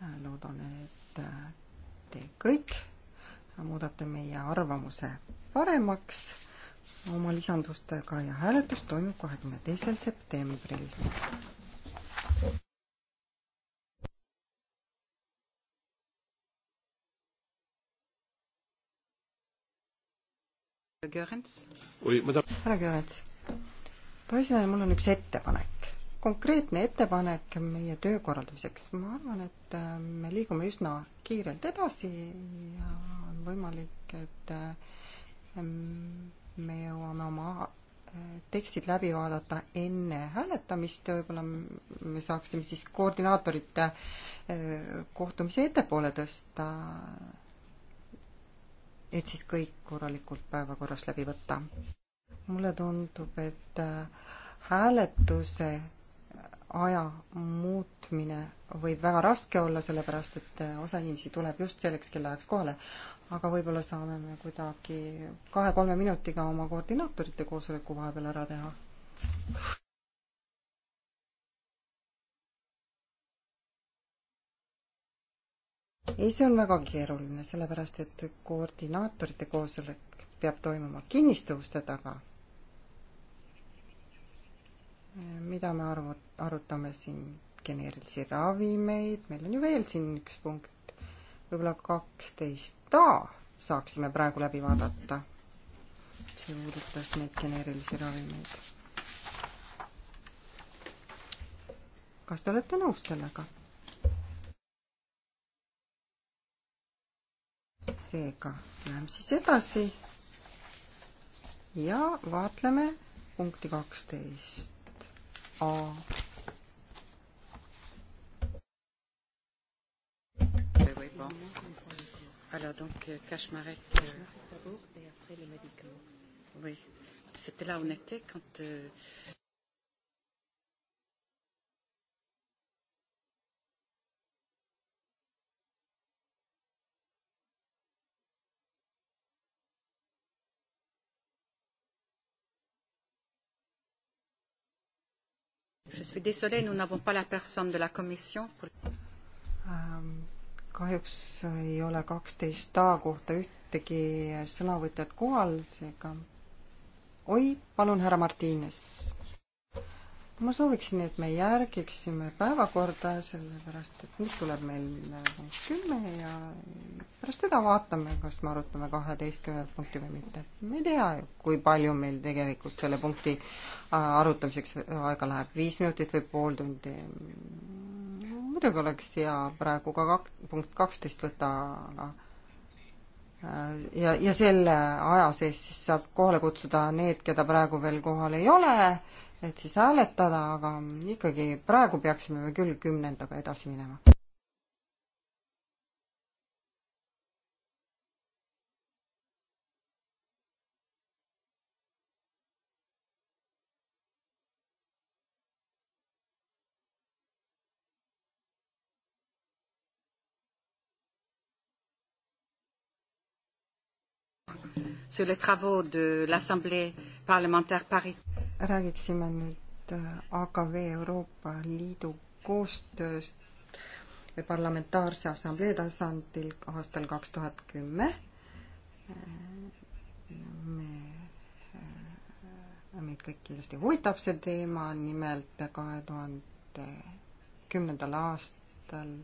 Äh, loodan, et äh, te kõik muudate meie arvamuse paremaks oma lisandustega ja hääletus toimub kahekümne teisel septembril. Görens. härra Görens, poisina, mul on üks ettepanek, konkreetne ettepanek meie töö korraldamiseks. ma arvan, et äh, me liigume üsna kiirelt edasi ja on võimalik, et äh, me jõuame oma äh, tekstid läbi vaadata enne hääletamist, võib-olla me saaksime siis koordinaatorite kohtumise ettepoole tõsta et siis kõik korralikult päevakorras läbi võtta. mulle tundub, et äh, hääletuse aja muutmine võib väga raske olla, sellepärast et äh, osa inimesi tuleb just selleks kellaajaks kohale. aga võib-olla saame me kuidagi kahe-kolme minutiga oma koordinaatorite koosoleku vahepeal ära teha. ei, see on väga keeruline, sellepärast et koordinaatorite koosolek peab toimuma kinniste uste taga. mida me arvu-, arutame siin geneerilisi ravimeid, meil on ju veel siin üks punkt, võib-olla kaksteist A saaksime praegu läbi vaadata. see puudutas neid geneerilisi ravimeid. kas te olete nõus sellega? seega läheme siis edasi ja vaatleme punkti kaksteist A. Eh Alors donc euh, Cachmarek. Euh, d'abord et après les médicaments. Oui, c'était là où on était quand. Euh... Je suis désolée, nous n'avons pas la personne de la commission pour... Ähm, kahjuks ei ole kaksteist A kohta ühtegi sõnavõtjat kohal, seega oi, palun, härra Martines ma sooviksin, et me järgiksime päevakorda, sellepärast et nüüd tuleb meil äh, punkt kümme ja pärast seda vaatame, kas me arutame kaheteistkümnendat punkti või mitte. me ei tea ju, kui palju meil tegelikult selle punkti äh, arutamiseks aega läheb, viis minutit või pool tundi. muidugi oleks hea praegu ka kak-, punkt kaksteist võtta, aga äh, ja, ja selle aja sees siis saab kohale kutsuda need, keda praegu veel kohal ei ole et siis hääletada, aga ikkagi praegu peaksime me küll kümnendaga edasi minema. sur les travaux de l'Assemblée parlementaire paritaire räägiksime nüüd äh, AKV Euroopa Liidu koostööst või parlamentaarse assamblee tasandil aastal kaks tuhat kümme. Äh, me, äh, meid kõik kindlasti huvitab see teema, nimelt kahe tuhande kümnendal aastal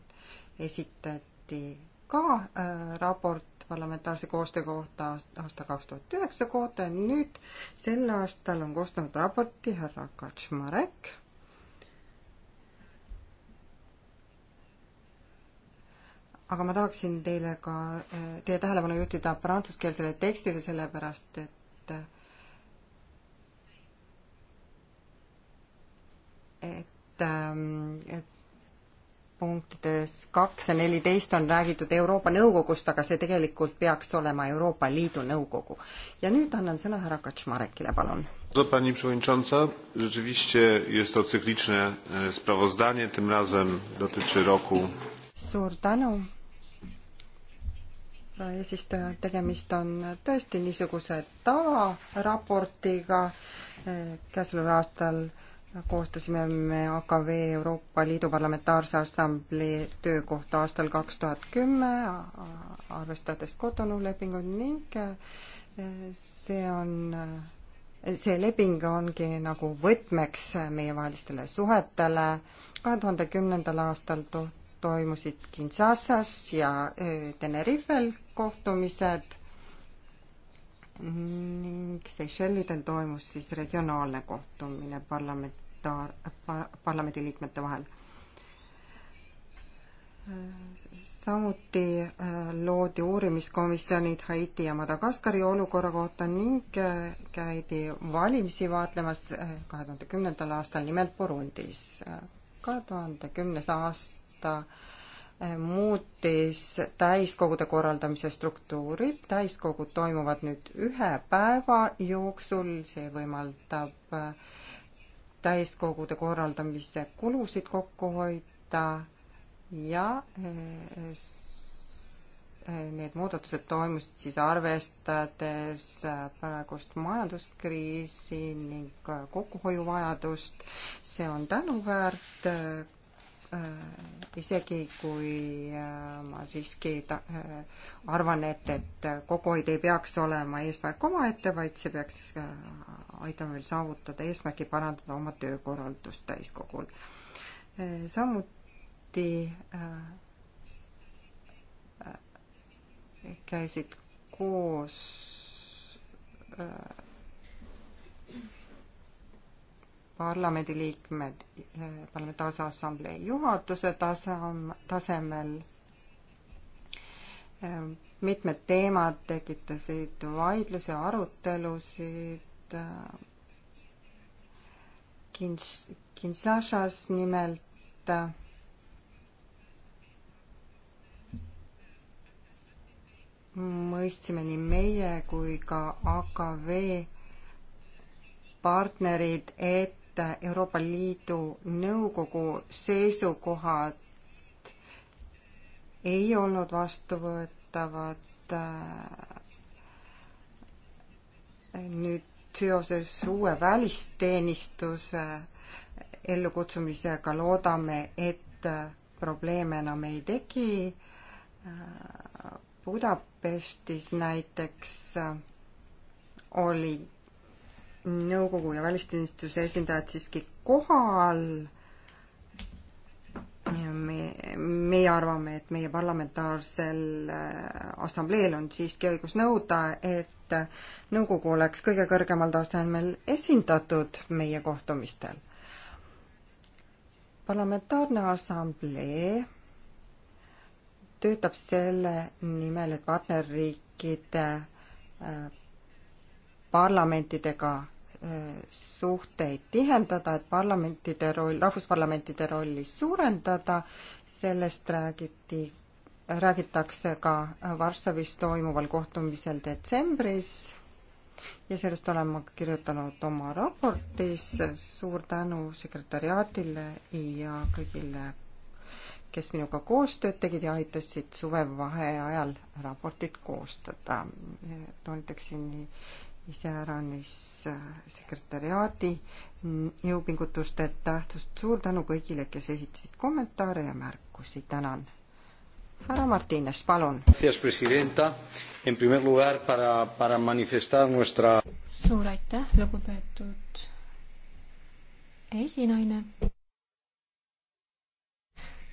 esitati ka äh, raport parlamentaarse koostöö kohta aasta kaks tuhat üheksa kohta ja nüüd sel aastal on koostanud raporti härra Kaczmarek. aga ma tahaksin teile ka, eh, teie tähelepanu juhtida prantsuskeelsele tekstile, sellepärast et et, ehm, et punktides kaks ja neliteist on räägitud Euroopa Nõukogust, aga see tegelikult peaks olema Euroopa Liidu Nõukogu. ja nüüd annan sõna härra Kaczmarekile, palun. Pani przewodnicząca, rzeczywiście jest to cykliczne e, sprawozdanie, tym razem dotyczy roku. suur tänu, härra eesistuja, tegemist on tõesti niisuguse tavaraportiga e, käesoleval aastal koostasime me AKV Euroopa Liidu Parlamentaarse Assamblee töökohta aastal kaks tuhat kümme, arvestades Cotonou lepingut ning eh, see on, eh, see leping ongi nagu võtmeks meievahelistele suhetele. kahe tuhande kümnendal aastal to-, toimusid Kinshasas ja eh, Tenerifel kohtumised ning Seychellidel toimus siis regionaalne kohtumine parlament, par-, par-, parlamendiliikmete vahel. samuti äh, loodi uurimiskomisjonid Haiti ja Madagaskari olukorra kohta ning äh, käidi valimisi vaatlemas äh, kahe tuhande kümnendal aastal nimelt Burundis. kahe tuhande kümnes aasta muutis täiskogude korraldamise struktuuri, täiskogud toimuvad nüüd ühe päeva jooksul, see võimaldab äh, täiskogude korraldamise kulusid kokku hoida ja eh, eh, need muudatused toimusid siis arvestades eh, praegust majanduskriisi ning kokkuhoiuvajadust. see on tänuväärt Äh, isegi kui äh, ma siiski ta, äh, arvan, et, et kokkuhoid ei peaks olema eesmärk omaette, vaid see peaks aitama meil saavutada eesmärki parandada oma töökorraldust täiskogul. samuti käisid koos parlamendiliikmed eh, Parlamentaarse Assamblee juhatuse tasem, tasemel. Eh, mitmed teemad tekitasid vaidlusi, arutelusid. Eh, Kins-, Kinshasas nimelt mõistsime nii meie kui ka AKV partnerid, et Euroopa Liidu Nõukogu seisukohad ei olnud vastuvõetavad äh, nüüd seoses uue välisteenistuse ellukutsumisega loodame, et äh, probleeme enam ei teki. Äh, Budapestis näiteks olid nõukogu ja välisteenistuse esindajad siiski kohal. me, meie arvame, et meie parlamentaarsel äh, assambleel on siiski õigus nõuda, et nõukogu oleks kõige kõrgemal tasemel esindatud meie kohtumistel. parlamentaarne assamblee töötab selle nimel, et partnerriikide äh, parlamentidega suhteid tihendada, et parlamentide roll, rahvusparlamentide rolli suurendada, sellest räägiti, räägitakse ka Varssavis toimuval kohtumisel detsembris ja sellest olen ma kirjutanud oma raportis, suur tänu sekretäriaadile ja kõigile, kes minuga koostööd tegid ja aitasid suvevaheajal raportit koostada. toonitaksin nii iseäranis äh, sekretäriaadi jõupingutuste tähtsust. suur tänu kõigile, kes esitasid kommentaare ja märkusi, tänan. härra Martines, palun. Nuestra... suur aitäh, lugupeetud esinaine.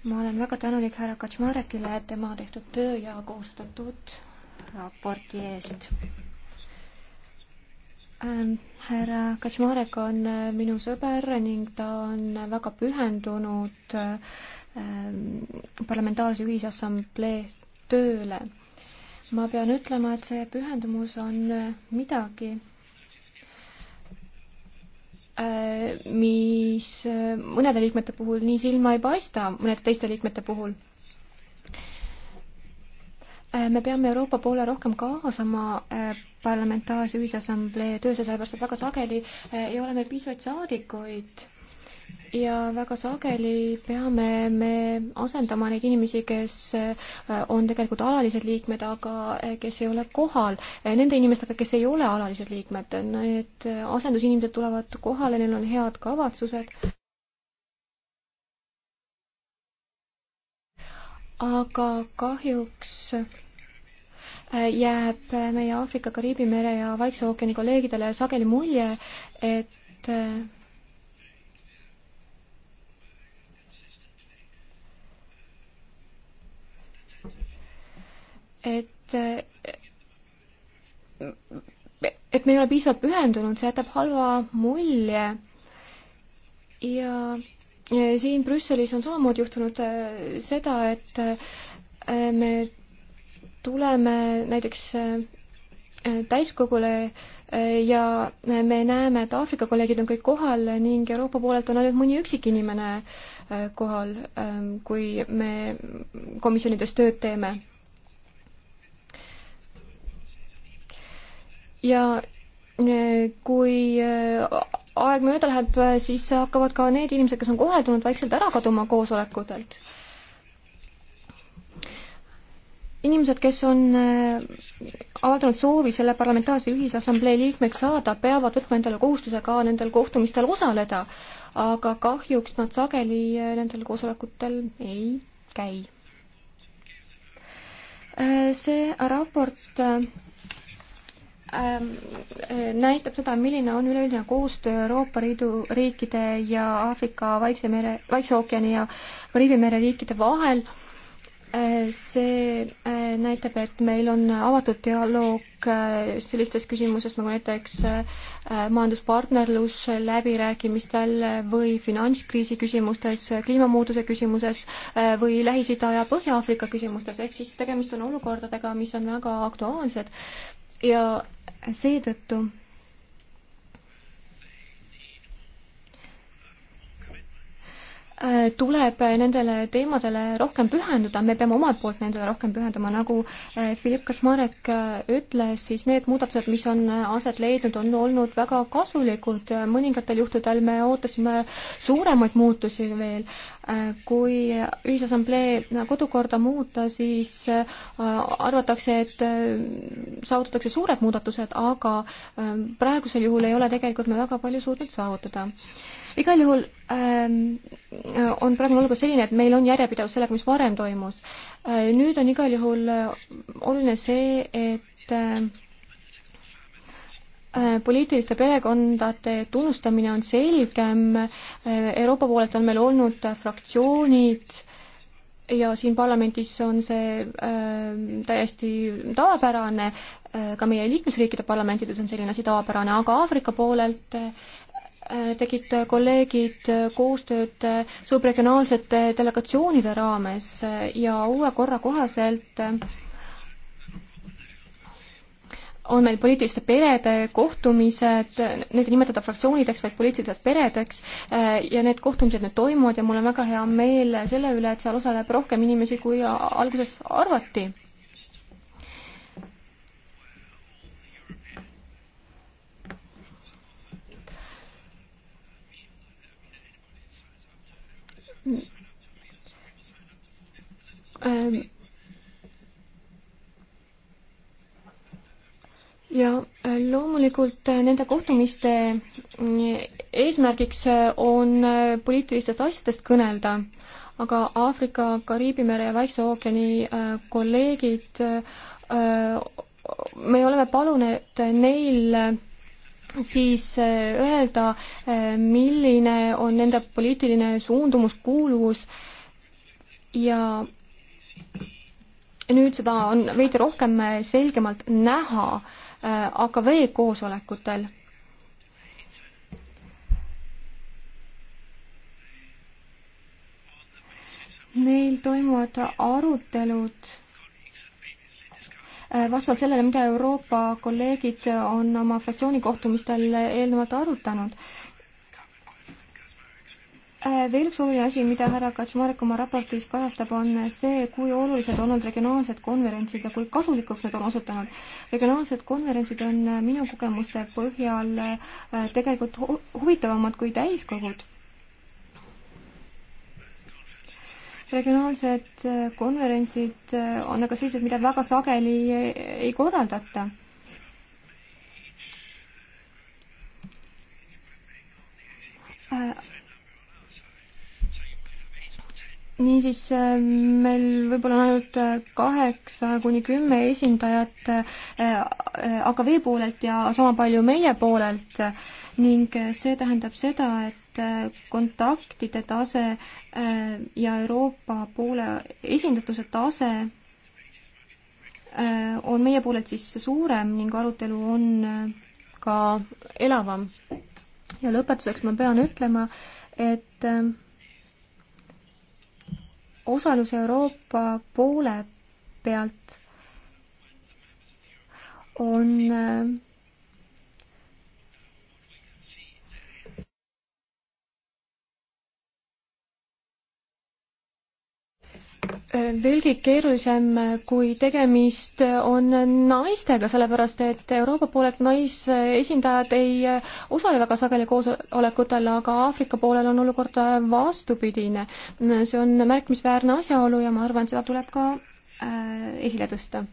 ma olen väga tänulik härra Kaczmarekile tema tehtud töö ja koostatud raporti eest Ähm, härra Kaczmarek on äh, minu sõber ning ta on väga pühendunud ähm, parlamentaarse ühisassamblee tööle. ma pean ütlema, et see pühendumus on äh, midagi, äh, mis mõnede liikmete puhul nii silma ei paista, mõnede teiste liikmete puhul Äh, me peame Euroopa poole rohkem kaasama äh, parlamentaarse ühisassamblee töösse, sellepärast et väga sageli äh, ei ole meil piisavalt saadikuid ja väga sageli peame me asendama neid inimesi, kes on tegelikult alalised liikmed, aga kes ei ole kohal, nende inimestega, kes ei ole alalised liikmed, need asendusinimesed tulevad kohale, neil on head kavatsused. aga kahjuks Äh, jääb meie Aafrika, Kariibi mere ja Vaikse ookeani kolleegidele sageli mulje, et äh, et äh, et me ei ole piisavalt pühendunud, see jätab halva mulje ja siin Brüsselis on samamoodi juhtunud seda, et me tuleme näiteks äh, täiskogule äh, ja me näeme, et Aafrika kolleegid on kõik kohal ning Euroopa poolelt on ainult mõni üksik inimene äh, kohal, ähm, kui me komisjonides tööd teeme. ja kui aeg mööda läheb, siis hakkavad ka need inimesed, kes on kohal tulnud, vaikselt ära kaduma koosolekutelt inimesed, kes on äh, avaldanud soovi selle parlamentaarse ühisassamblee liikmeks saada, peavad võtma endale kohustuse ka nendel kohtumistel osaleda, aga kahjuks nad sageli äh, nendel koosolekutel ei käi. Äh, see raport ähm, näitab seda, milline on üleüldine koostöö Euroopa Liidu riikide ja Aafrika Vaikse mere, Vaikse ookeani ja Kariibi mere riikide vahel see äh, näitab, et meil on avatud dialoog äh, sellistes küsimuses nagu näiteks äh, majanduspartnerlus läbirääkimistel või finantskriisi küsimustes, kliimamuutuse küsimuses või Lähis-Ida ja Põhja-Aafrika küsimustes, ehk siis tegemist on olukordadega, mis on väga aktuaalsed ja seetõttu Äh, tuleb nendele teemadele rohkem pühenduda, me peame omalt poolt nendele rohkem pühenduma, nagu äh, Philipp Kašmarek äh, ütles, siis need muudatused, mis on aset leidnud, on olnud väga kasulikud, mõningatel juhtudel me ootasime suuremaid muutusi veel. kui Ühisassamblee kodukorda muuta, siis arvatakse, et saavutatakse suured muudatused, aga praegusel juhul ei ole tegelikult me väga palju suutnud saavutada igal juhul ähm, äh, on praegune olukord selline, et meil on järjepidevus sellega, mis varem toimus äh,. nüüd on igal juhul äh, oluline see, et äh, äh, poliitiliste perekondade tunnustamine on selgem, Euroopa poolelt on meil olnud fraktsioonid ja siin parlamendis on see täiesti tavapärane, ka meie liikmesriikide parlamentides on selline asi tavapärane, aga Aafrika poolelt Äh, tegid äh, kolleegid äh, koostööd subregionaalsete delegatsioonide raames ja uue korra kohaselt on meil poliitiliste perede kohtumised, neid ei nimetata fraktsioonideks, vaid poliitilisteks peredeks, ja need kohtumised nüüd toimuvad ja mul on väga hea meel selle üle, et seal osaleb rohkem inimesi, kui alguses arvati Ähm, ja äh, loomulikult äh, nende kohtumiste äh, eesmärgiks on poliitilistest asjadest kõnelda, aga Aafrika, Kariibi mere ja Vaikse ookeani kolleegid, me oleme palunud neil siis äh, öelda, äh, milline on nende poliitiline suundumus, kuuluvus ja nüüd seda on veidi rohkem äh, selgemalt näha AKV koosolekutel. Neil toimuvad arutelud Äh, vastavalt sellele, mida Euroopa kolleegid on oma fraktsiooni kohtumistel eelnevalt arutanud. Äh, veel üks oluline asi, mida härra Kaczmarek oma raportis kajastab, on see, kui olulised on olnud regionaalsed konverentsid ja kui kasulikuks need on osutunud. regionaalsed konverentsid on minu kogemuste põhjal äh, tegelikult huvitavamad kui täiskogud regionaalsed äh, konverentsid äh, on aga sellised, mida väga sageli äh, ei korraldata. niisiis, meil võib-olla on ainult kaheksa kuni kümme esindajat AKV poolelt ja sama palju meie poolelt ning see tähendab seda, et Äh, kontaktide tase äh, ja Euroopa poole esindatuse tase äh, on meie poolelt siis suurem ning arutelu on ka elavam. ja lõpetuseks ma pean ütlema, et osalus Euroopa poole pealt on veelgi keerulisem, kui tegemist on naistega, sellepärast et Euroopa poolelt naisesindajad ei osale väga sageli koosolekutel, aga Aafrika poolel on olukord vastupidine. see on märkimisväärne asjaolu ja ma arvan, et seda tuleb ka äh, esile tõsta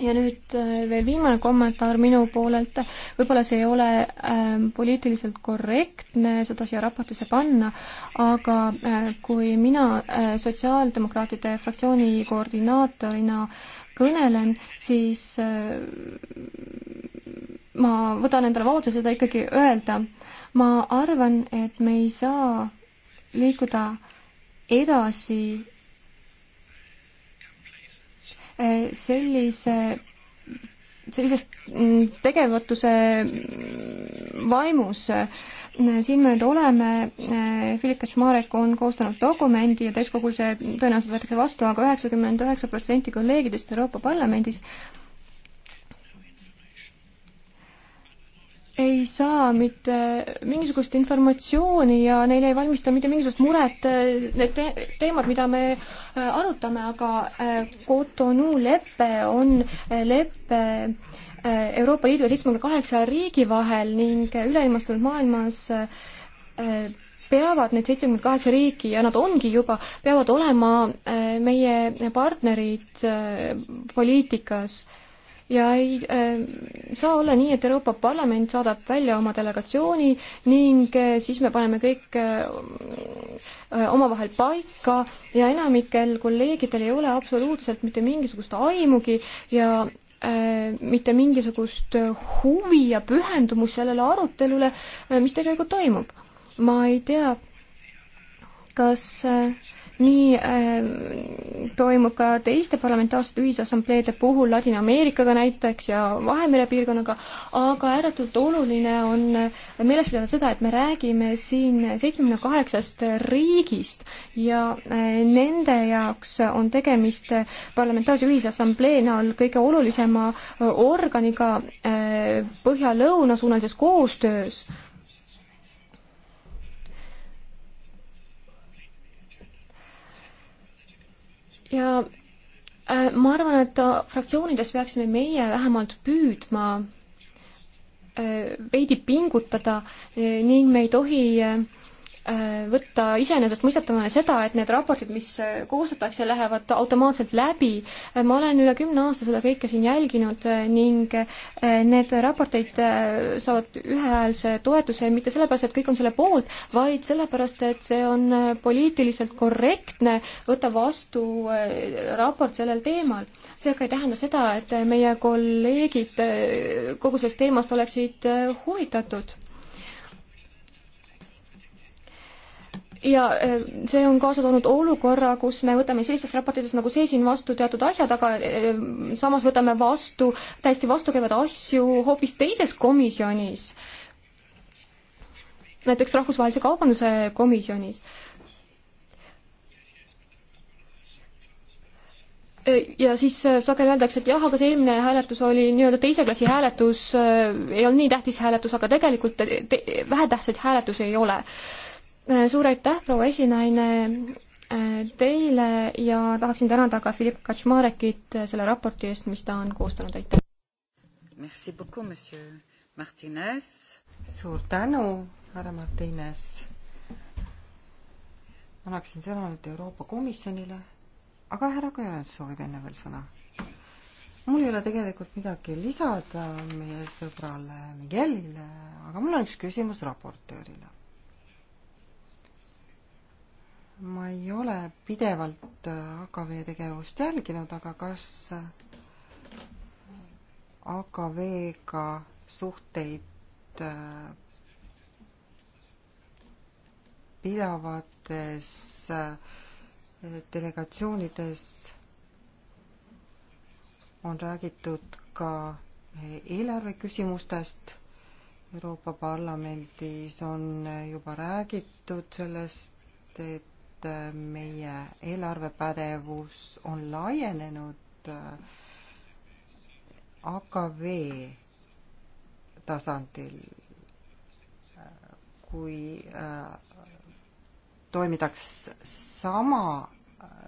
ja nüüd äh, veel viimane kommentaar minu poolelt, võib-olla see ei ole äh, poliitiliselt korrektne seda siia raportisse panna, aga äh, kui mina äh, Sotsiaaldemokraatide fraktsiooni koordinaatorina kõnelen, siis äh, ma võtan endale vabaduse seda ikkagi öelda. ma arvan, et me ei saa liikuda edasi sellise sellisest tegevatuse vaimus. siin me nüüd oleme, Filip Kaczmarek on koostanud dokumendi ja täiskogul see tõenäoliselt võetakse vastu aga, aga üheksakümmend üheksa protsenti kolleegidest Euroopa Parlamendis ei saa mitte mingisugust informatsiooni ja neile ei valmista mitte mingisugust muret äh, need te teemad, mida me äh, arutame, aga äh, Cotonou lepe on lepe Euroopa Liidu ja seitsmekümne kaheksa riigi vahel ning üleilmastunud maailmas peavad need seitsekümmend kaheksa riiki ja nad ongi juba, peavad olema meie partnerid poliitikas ja ei äh, saa olla nii, et Euroopa Parlament saadab välja oma delegatsiooni ning äh, siis me paneme kõik äh, äh omavahel paika ja enamikel kolleegidel ei ole absoluutselt mitte mingisugust aimugi ja äh, mitte mingisugust huvi ja pühendumust sellele arutelule, äh, mis tegelikult toimub. ma ei tea kas äh, nii äh, toimub ka teiste parlamentaarsete ühisassambleede puhul Ladina-Ameerikaga näiteks ja Vahemere piirkonnaga, aga ääretult oluline on äh, meeles pidada seda, et me räägime siin seitsmekümne kaheksast riigist ja nende jaoks on tegemist parlamentaarse ühisassamblee näol kõige olulisema organiga põhja-lõuna suunalises koostöös ja äh, ma arvan, et fraktsioonides peaksime meie vähemalt püüdma äh, veidi pingutada äh, ning me ei tohi Äh, võtta iseenesestmõistetavana seda, et need raportid, mis äh, koostatakse, lähevad automaatselt läbi. Äh, ma olen üle kümne aasta seda kõike siin jälginud ning need raporteid saavad ühehäälse toetuse mitte sellepärast, et kõik on selle poolt, vaid sellepärast, et see on poliitiliselt korrektne võtta vastu raport sellel teemal. see aga ei tähenda seda, et meie kolleegid kogu sellest teemast oleksid huvitatud ja äh, see on kaasa toonud olukorra, kus me võtame sellistes raportites nagu see siin vastu teatud asjad, aga äh, samas võtame vastu täiesti vastukäivaid asju hoopis teises komisjonis, näiteks Rahvusvahelise Kaubanduse Komisjonis äh, ja siis sageli öeldakse, et jah, aga see eelmine hääletus oli nii-öelda teise klassi hääletus, ei olnud nii tähtis hääletus, aga tegelikult te vähetähtsaid hääletusi ei ole. Äh, suur aitäh, proua esinaine, äh, teile ja tahaksin tänada ka Philipp Kaczmarekit äh, selle raporti eest, mis ta on koostanud, aitäh! suur tänu, härra Martines! annaksin sõna nüüd Euroopa Komisjonile, aga härra Kõrens soovib enne veel sõna. mul ei ole tegelikult midagi lisada meie sõbrale Miguelile, aga mul on üks küsimus raportöörile ma ei ole pidevalt äh, AKV tegevust jälginud, aga kas AKV-ga suhteid äh, pidavates äh, delegatsioonides on räägitud ka eelarve küsimustest. Euroopa Parlamendis on juba räägitud sellest, et et äh, meie eelarvepädevus on laienenud äh, AKV tasandil, äh, kui toimidaks sama,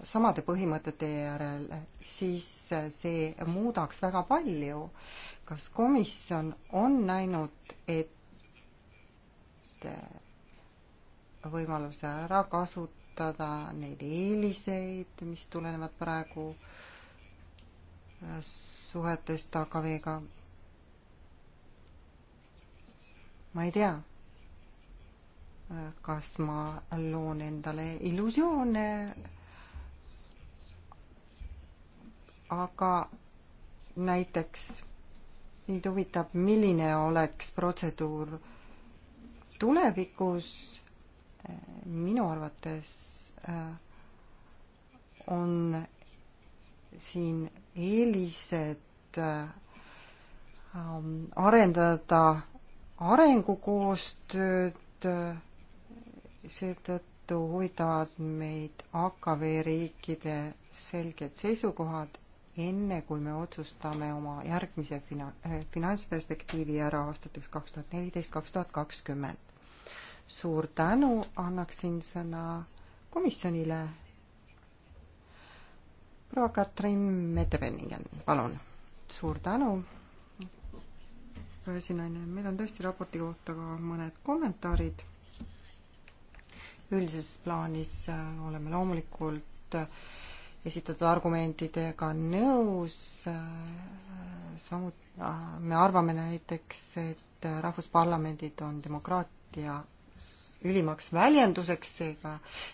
samade põhimõtete järel, siis see muudaks väga palju. kas komisjon on näinud, et võimaluse ära kasutada? kasutada neid eeliseid, mis tulenevad praegu äh, suhetest AKV-ga. ma ei tea, äh, kas ma loon endale illusioone, aga näiteks mind huvitab, milline oleks protseduur tulevikus minu arvates äh, on siin eelised äh, arendada arengukoostööd, äh, seetõttu huvitavad meid AKV riikide selged seisukohad, enne kui me otsustame oma järgmise fina-, finantsperspektiivi ära aastateks kaks tuhat neliteist, kaks tuhat kakskümmend suur tänu, annaksin sõna komisjonile. proua Katrin Mette-Penningen, palun. suur tänu, proua esinaine, meil on tõesti raporti kohta ka mõned kommentaarid. üldises plaanis äh, oleme loomulikult äh, esitatud argumentidega nõus, äh, samuti me arvame näiteks, et rahvusparlamendid on demokraatia ülimaks väljenduseks, seega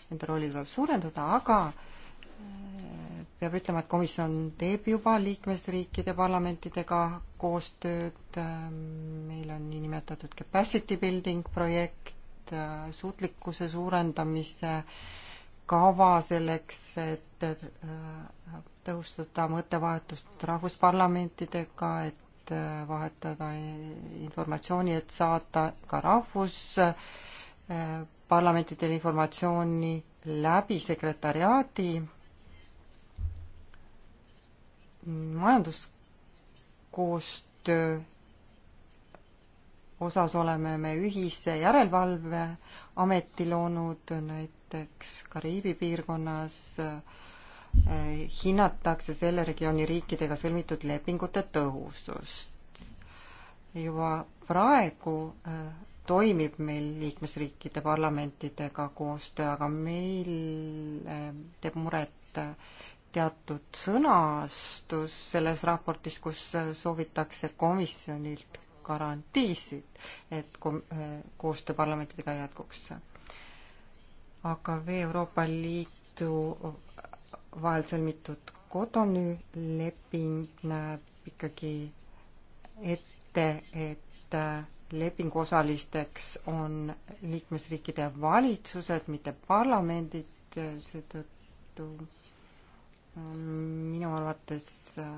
nende rolli tuleb suurendada, aga äh, peab ütlema, et komisjon teeb juba liikmesriikide parlamentidega koostööd, äh, meil on niinimetatud capacity building projekt, äh, suutlikkuse suurendamise kava selleks, et tõhustada mõttevahetust rahvusparlamentidega, et vahetada informatsiooni, et saata ka rahvus parlamentidele informatsiooni läbi sekretariaadi. majanduskoostöö osas oleme me ühise järelevalveameti loonud, näiteks Kariibi piirkonnas eh, hinnatakse selle regiooni riikidega sõlmitud lepingute tõhusust. juba praegu eh, toimib meil liikmesriikide parlamentidega koostöö, aga meil äh, teeb muret äh, teatud sõnastus selles raportis, kus äh, soovitakse komisjonilt garantiisid, et kom-, koostöö parlamentidega jätkuks. AKV Euroopa Liidu vahel sõlmitud kodanüüleping näeb ikkagi ette, et lepinguosalisteks on liikmesriikide valitsused, mitte parlamendid, seetõttu minu arvates äh,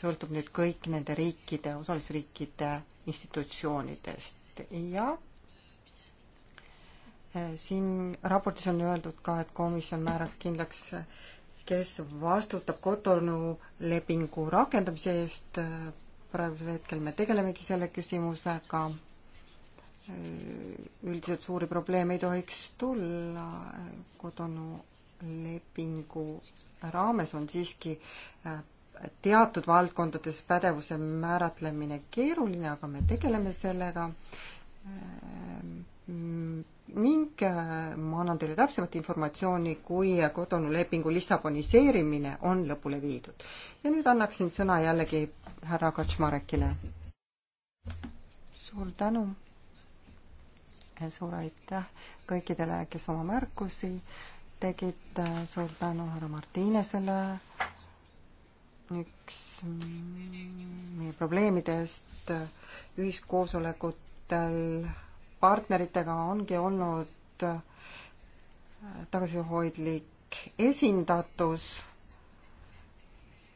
sõltub nüüd kõik nende riikide, osalisriikide institutsioonidest ja äh, siin raportis on öeldud ka, et komisjon määraks kindlaks, äh, kes vastutab Cotonou lepingu rakendamise eest praegusel hetkel me tegelemegi selle küsimusega. üldiselt suuri probleeme ei tohiks tulla, kodunu lepingu raames on siiski äh, teatud valdkondades pädevuse määratlemine keeruline, aga me tegeleme sellega äh, ning äh, ma annan teile täpsemat informatsiooni, kui kodunu lepingu lissaboniseerimine on lõpule viidud. ja nüüd annaksin sõna jällegi härra Kaczmarekile. suur tänu. suur aitäh kõikidele, kes oma märkusi tegid. suur tänu härra Martinesele. üks meie probleemidest ühiskoosolekutel partneritega ongi olnud äh, tagasihoidlik esindatus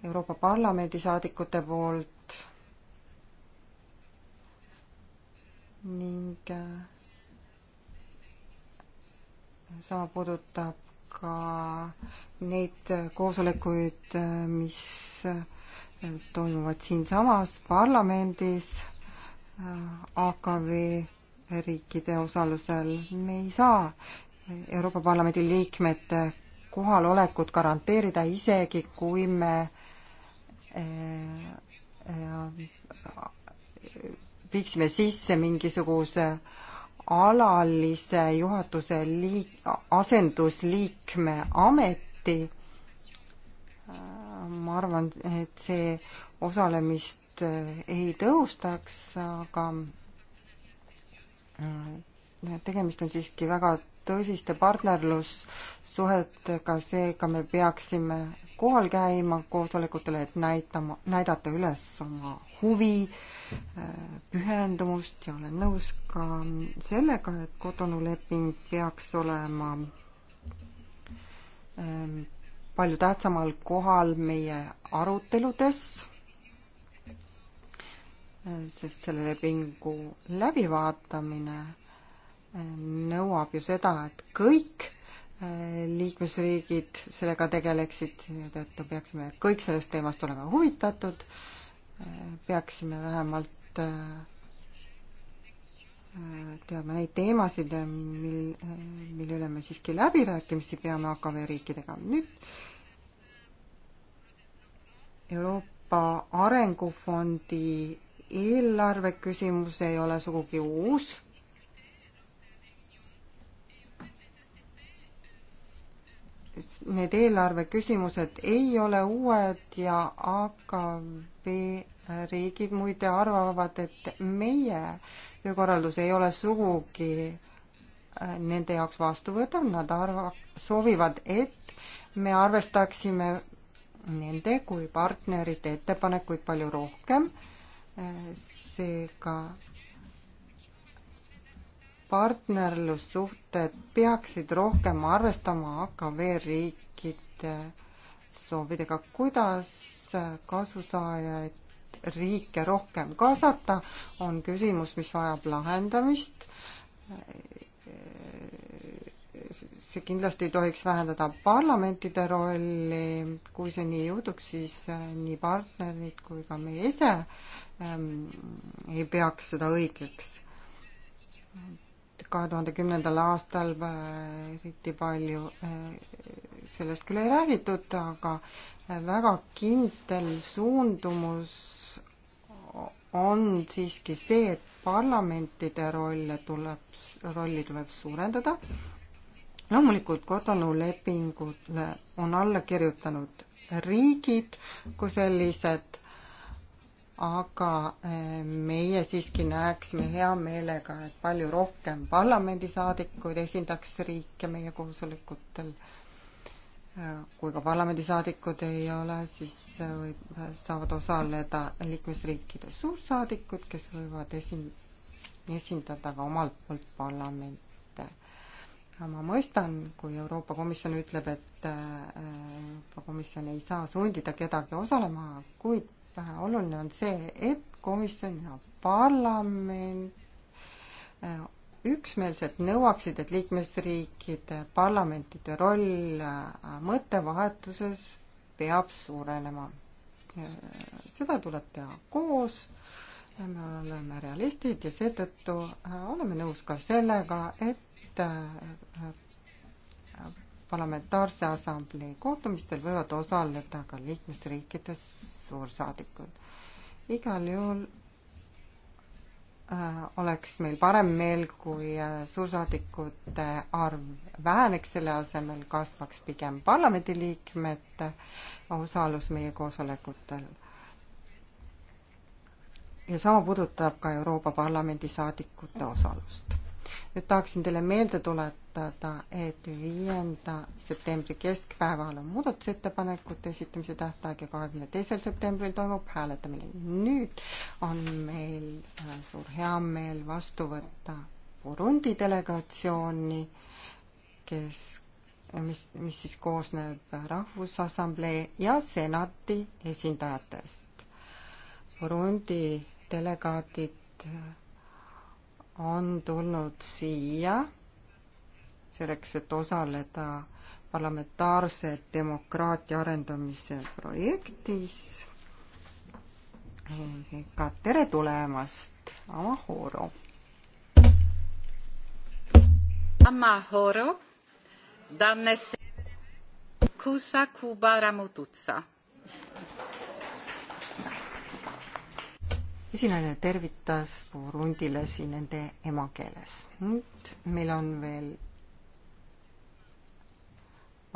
Euroopa Parlamendi saadikute poolt ning äh, sama puudutab ka neid koosolekuid, äh, mis toimuvad siinsamas parlamendis, AKV riikide osalusel. me ei saa Euroopa Parlamendi liikmete kohalolekut garanteerida, isegi kui me eh, eh, viiksime sisse mingisuguse alalise juhatuse liik-, asendusliikme ameti, ma arvan, et see osalemist eh, ei tõhustaks, aga Äh, tegemist on siiski väga tõsiste partnerlussuhetega, seega me peaksime kohal käima koosolekutele, et näitama, näidata üles oma huvi, äh, pühendumust ja olen nõus ka sellega, et kodanuleping peaks olema ähm, palju tähtsamal kohal meie aruteludes sest selle lepingu läbivaatamine äh, nõuab ju seda, et kõik äh, liikmesriigid sellega tegeleksid, seetõttu peaksime kõik sellest teemast olema huvitatud, äh, peaksime vähemalt teadma neid teemasid, mil, mille üle me siiski läbirääkimisi peame AKV riikidega. nüüd Euroopa Arengufondi eelarve küsimus ei ole sugugi uus. Need eelarve küsimused ei ole uued ja AKV riigid muide arvavad, et meie töökorraldus ei ole sugugi äh, nende jaoks vastuvõetav, nad arva-, soovivad, et me arvestaksime nende kui partnerite ettepanekuid palju rohkem seega partnerlussuhted peaksid rohkem arvestama AKV riikide soovidega, kuidas kasusaajaid riike rohkem kaasata, on küsimus, mis vajab lahendamist. see kindlasti ei tohiks vähendada parlamentide rolli, kui see nii juhtuks, siis nii partnerid kui ka meie ise Ehm, ei peaks seda õigeks. kahe tuhande kümnendal aastal äh, eriti palju äh, sellest küll ei räägitud, aga äh, väga kindel suundumus on siiski see, et parlamentide rolle tuleb, rolli tuleb suurendada. loomulikult Cotonou lepingule on alla kirjutanud riigid, kui sellised aga eh, meie siiski näeksime hea meelega, et palju rohkem parlamendisaadikuid esindaks riike meie koosolekutel. Eh, kui ka parlamendisaadikud ei ole, siis eh, võib, saavad osaleda liikmesriikide suursaadikud, kes võivad esin-, esindada ka omalt poolt parlamente ja ma mõistan, kui Euroopa Komisjon ütleb, et Euroopa Komisjon ei saa sundida kedagi osalema, kuid vähe. oluline on see, et komisjon ja parlament äh, üksmeelselt nõuaksid, et liikmesriikide parlamentide roll äh, mõttevahetuses peab suurenema. seda tuleb teha koos, me oleme realistid ja seetõttu äh, oleme nõus ka sellega, et parlamentaarse assamblee kohtumistel võivad osaleda ka liikmesriikides suursaadikud. igal juhul äh, oleks meil parem meel, kui äh, suursaadikute arv väheneks, selle asemel kasvaks pigem parlamendiliikmete osalus meie koosolekutel. ja sama puudutab ka Euroopa Parlamendi saadikute osalust nüüd tahaksin teile meelde tuletada, et viienda septembri keskpäeval on muudatusettepanekute esitamise tähtaeg ja kahekümne teisel septembril toimub hääletamine. nüüd on meil äh, suur heameel vastu võtta Burundi delegatsiooni, kes, mis, mis siis koosneb Rahvusassamblee ja senati esindajatest. Burundi delegaadid on tulnud siia selleks, et osaleda parlamentaarse demokraatia arendamise projektis. ka tere tulemast, Amahoro. Amahoro, Dannes Kusa Kuba Ramututsa. esinaine tervitas Burundile siin nende emakeeles. nüüd meil on veel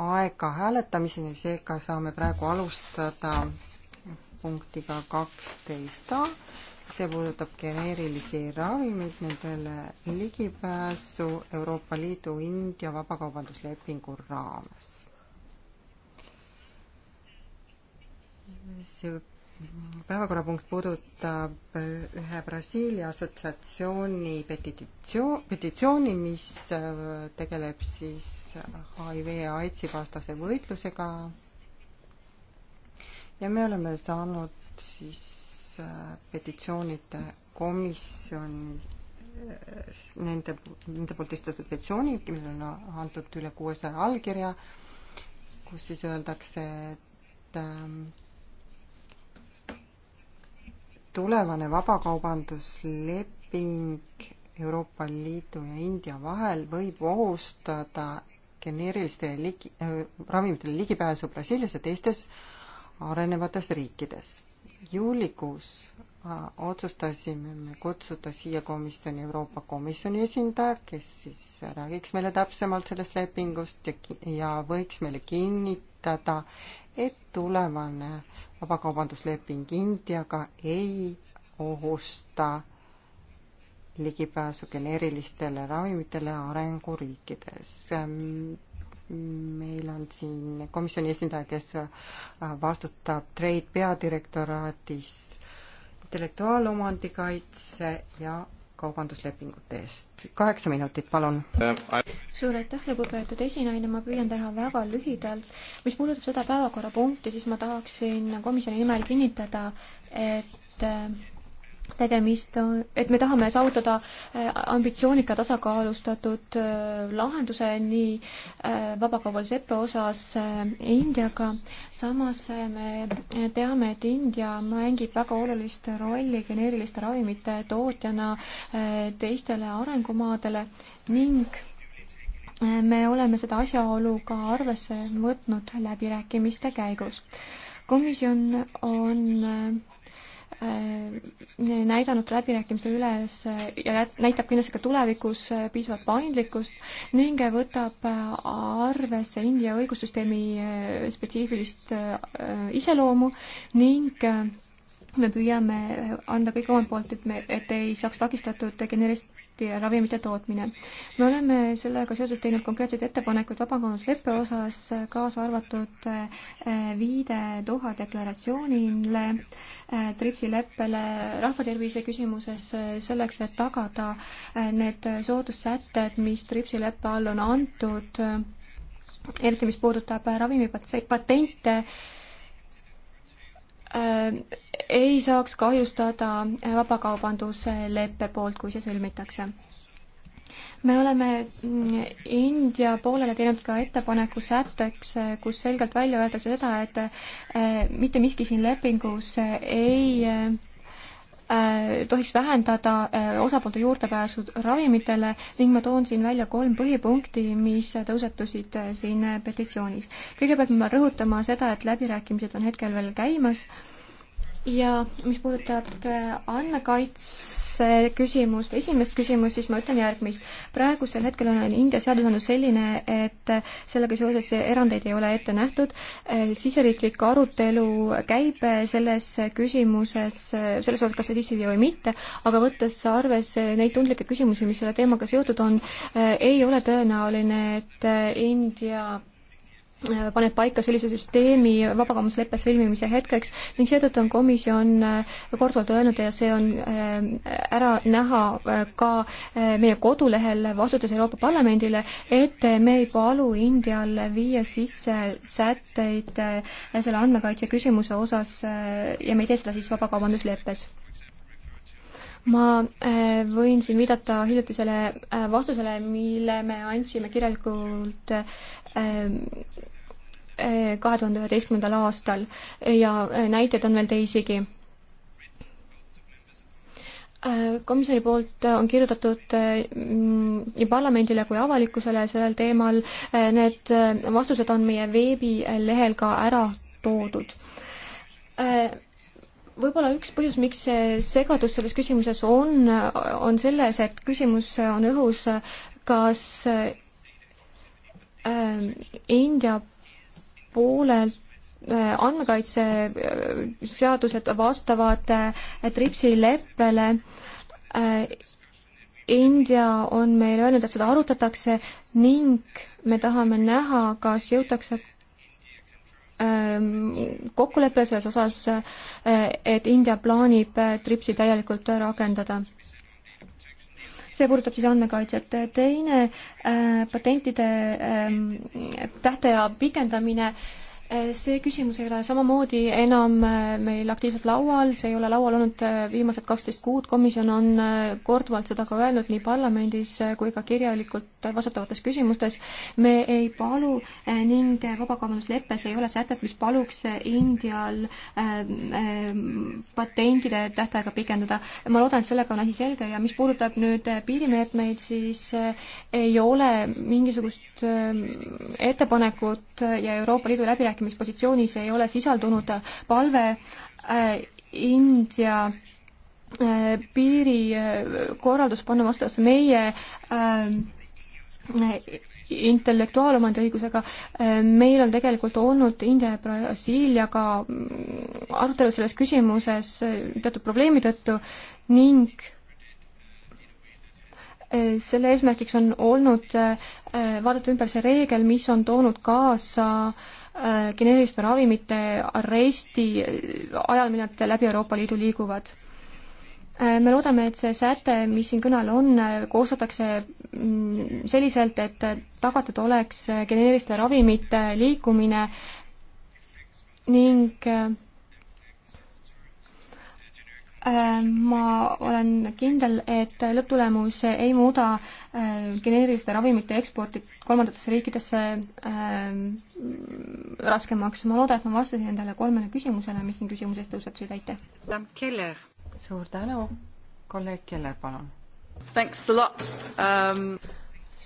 aega hääletamiseni, seega saame praegu alustada punktiga kaksteist A. see puudutab geneerilisi ravimeid, nendele ligipääsu Euroopa Liidu India vabakaubanduslepingu raames. see päevakorrapunkt puudutab äh, ühe Brasiilia assotsiatsiooni petitsioon, petitsiooni, mis äh, tegeleb siis HIV ja AIDSi vastase võitlusega. ja me oleme saanud siis äh, petitsioonide komisjoni nende, nende poolt esitatud petitsiooni, millele on antud üle kuuesaja allkirja, kus siis öeldakse, et ähm, tulevane vabakaubandusleping Euroopa Liidu ja India vahel võib ohustada geneerilistele ligi, äh, ravimitele ligipääsu Brasiilias ja teistes arenevates riikides. juulikuus otsustasime me kutsuda siia komisjoni Euroopa Komisjoni esindaja, kes siis räägiks meile täpsemalt sellest lepingust ja, ja võiks meile kinnitada, et tulevane vabakaubandusleping Indiaga ei ohusta ligipääsu generilistele ravimitele arenguriikides meil on siin komisjoni esindaja, kes vastutab Trade peadirektoraadis intellektuaalomandi kaitse ja kaubanduslepingute eest. kaheksa minutit, palun. suur aitäh, lugupeetud esinaine, ma püüan teha väga lühidalt. mis puudutab seda päevakorrapunkti, siis ma tahaksin komisjoni nimel kinnitada, et tegemist on, et me tahame saavutada äh, ambitsioonika tasakaalustatud äh, lahenduse nii äh, vabakaubandusleppe osas Indiaga, samas me teame, et India mängib väga olulist rolli geneeriliste ravimite tootjana teistele arengumaadele ning me oleme seda asjaolu ka arvesse võtnud läbirääkimiste käigus. komisjon on Äh, näidanud läbirääkimistel üles äh, ja näitab kindlasti ka tulevikus äh, piisavat paindlikkust ning võtab arvesse India õigussüsteemi spetsiifilist iseloomu ning me püüame anda kõik omalt poolt, et me, et ei saaks takistatud generis-, transporti ja ravimite tootmine. me oleme sellega seoses teinud konkreetseid ettepanekuid vabakaubandusleppe osas, kaasa arvatud eh, viide Doha deklaratsioonile, eh, TRIPS-i leppele rahvatervise küsimuses, eh, selleks et tagada need soodussätted, mis TRIPS-i leppe all on antud, eriti mis puudutab ravimipatente, Äh, ei saaks kahjustada vabakaubandusleppe poolt, kui see sõlmitakse. me oleme mm, India poolele teinud ka ettepaneku sätteks, kus selgelt välja öeldakse seda, et äh, mitte miski siin lepingus ei äh, Äh, tohiks vähendada äh, osapoolte juurdepääsu ravimitele ning ma toon siin välja kolm põhipunkti, mis tõusetusid äh, siin petitsioonis. kõigepealt ma pean rõhutama seda, et läbirääkimised on hetkel veel käimas ja mis puudutab äh, andmekaitse küsimust, esimest küsimust, siis ma ütlen järgmist. praegusel hetkel on India seadusandlus selline, et äh, sellega seoses erandeid ei ole ette nähtud. Äh, siseriiklik arutelu käib selles küsimuses, selles osas, kas see sisse viia või mitte, aga võttes arvesse neid tundlikke küsimusi, mis selle teemaga seotud on, ei ole tõenäoline, et India Äh, paneb paika sellise süsteemi vabakaubandusleppe sõlmimise hetkeks ning seetõttu on komisjon äh, korduvalt öelnud ja see on äh, ära näha ka meie kodulehel vastuses Euroopa Parlamendile, et me ei palu Indial viia sisse sätteid selle andmekaitse küsimuse osas ja me ei tee seda siis vabakaubandusleppes ma äh, võin siin viidata hiljutisele äh, vastusele, mille me andsime kirjalikult äh, kahe tuhande üheteistkümnendal aastal ja näiteid on veel teisigi. Komisjoni poolt on kirjutatud mm, nii parlamendile kui avalikkusele sellel teemal, need vastused on meie veebilehel ka ära toodud võib-olla üks põhjus, miks see segadus selles küsimuses on, on selles, et küsimus on õhus, kas ähm, India poolelt äh, andmekaitseseadused äh, vastavad äh, TRIPS-i leppele. India on meile öelnud, et seda arutatakse ning me tahame näha, kas jõutakse Ehm, kokkulepe selles osas, eh, et India plaanib eh, TRIPS-i täielikult rakendada see puudutab siis andmekaitset. teine äh, patentide äh, tähtaja pikendamine äh, Äh, see küsimus ei ole samamoodi enam äh, meil aktiivselt laual, see ei ole laual olnud äh, viimased kaksteist kuud, komisjon on korduvalt seda ka öelnud nii parlamendis kui ka kirjalikult vastutavates küsimustes. me ei palu ning vabakaubandusleppes ei ole sätet, mis paluks Indial patendide tähtaega pikendada. ma loodan, et sellega on asi selge ja mis puudutab nüüd piirimeetmeid, siis ei ole mingisugust ettepanekut ja Euroopa Liidu läbirääkimisi läbirääkimispositsioonis ei ole sisaldunud palve äh, India äh, piirikorraldus äh, panna vastavusse meie intellektuaalomandi õigusega. meil on tegelikult olnud India ja Brasiiliaga mm, arutelu selles küsimuses teatud probleemi tõttu ning selle eesmärgiks on olnud vaadata ümber see reegel, mis on toonud kaasa äh, Äh, geneeriliste ravimite aresti äh, ajal, mil nad läbi Euroopa Liidu liiguvad. Äh, me loodame, et see säte, mis siin kõne all on, koostatakse mm, selliselt, et tagatud oleks geneeriliste ravimite liikumine ning Äh, ma olen kindel, et lõpptulemus ei muuda äh, geneeriliste ravimite eksporti kolmandatesse riikidesse äh, raskemaks. ma loodan, et ma vastasin endale kolmele küsimusele, mis siin küsimuses tõusetusid, aitäh! suur tänu, kolleeg Keller, palun! Um...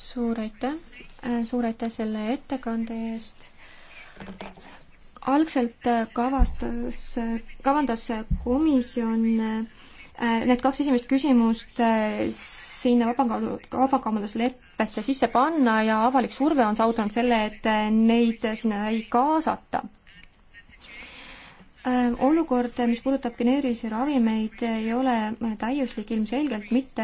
suur aitäh, suur aitäh selle ettekande eest! algselt äh, kavastas, äh, kavandas komisjon äh, need kaks esimest küsimust sinna vabakaubandu-, vabakaubandusleppesse sisse panna ja avalik surve on saavutanud selle, et neid sinna ei kaasata. Äh, olukord, mis puudutab geneerilisi ravimeid, ei ole täiuslik ilmselgelt mitte.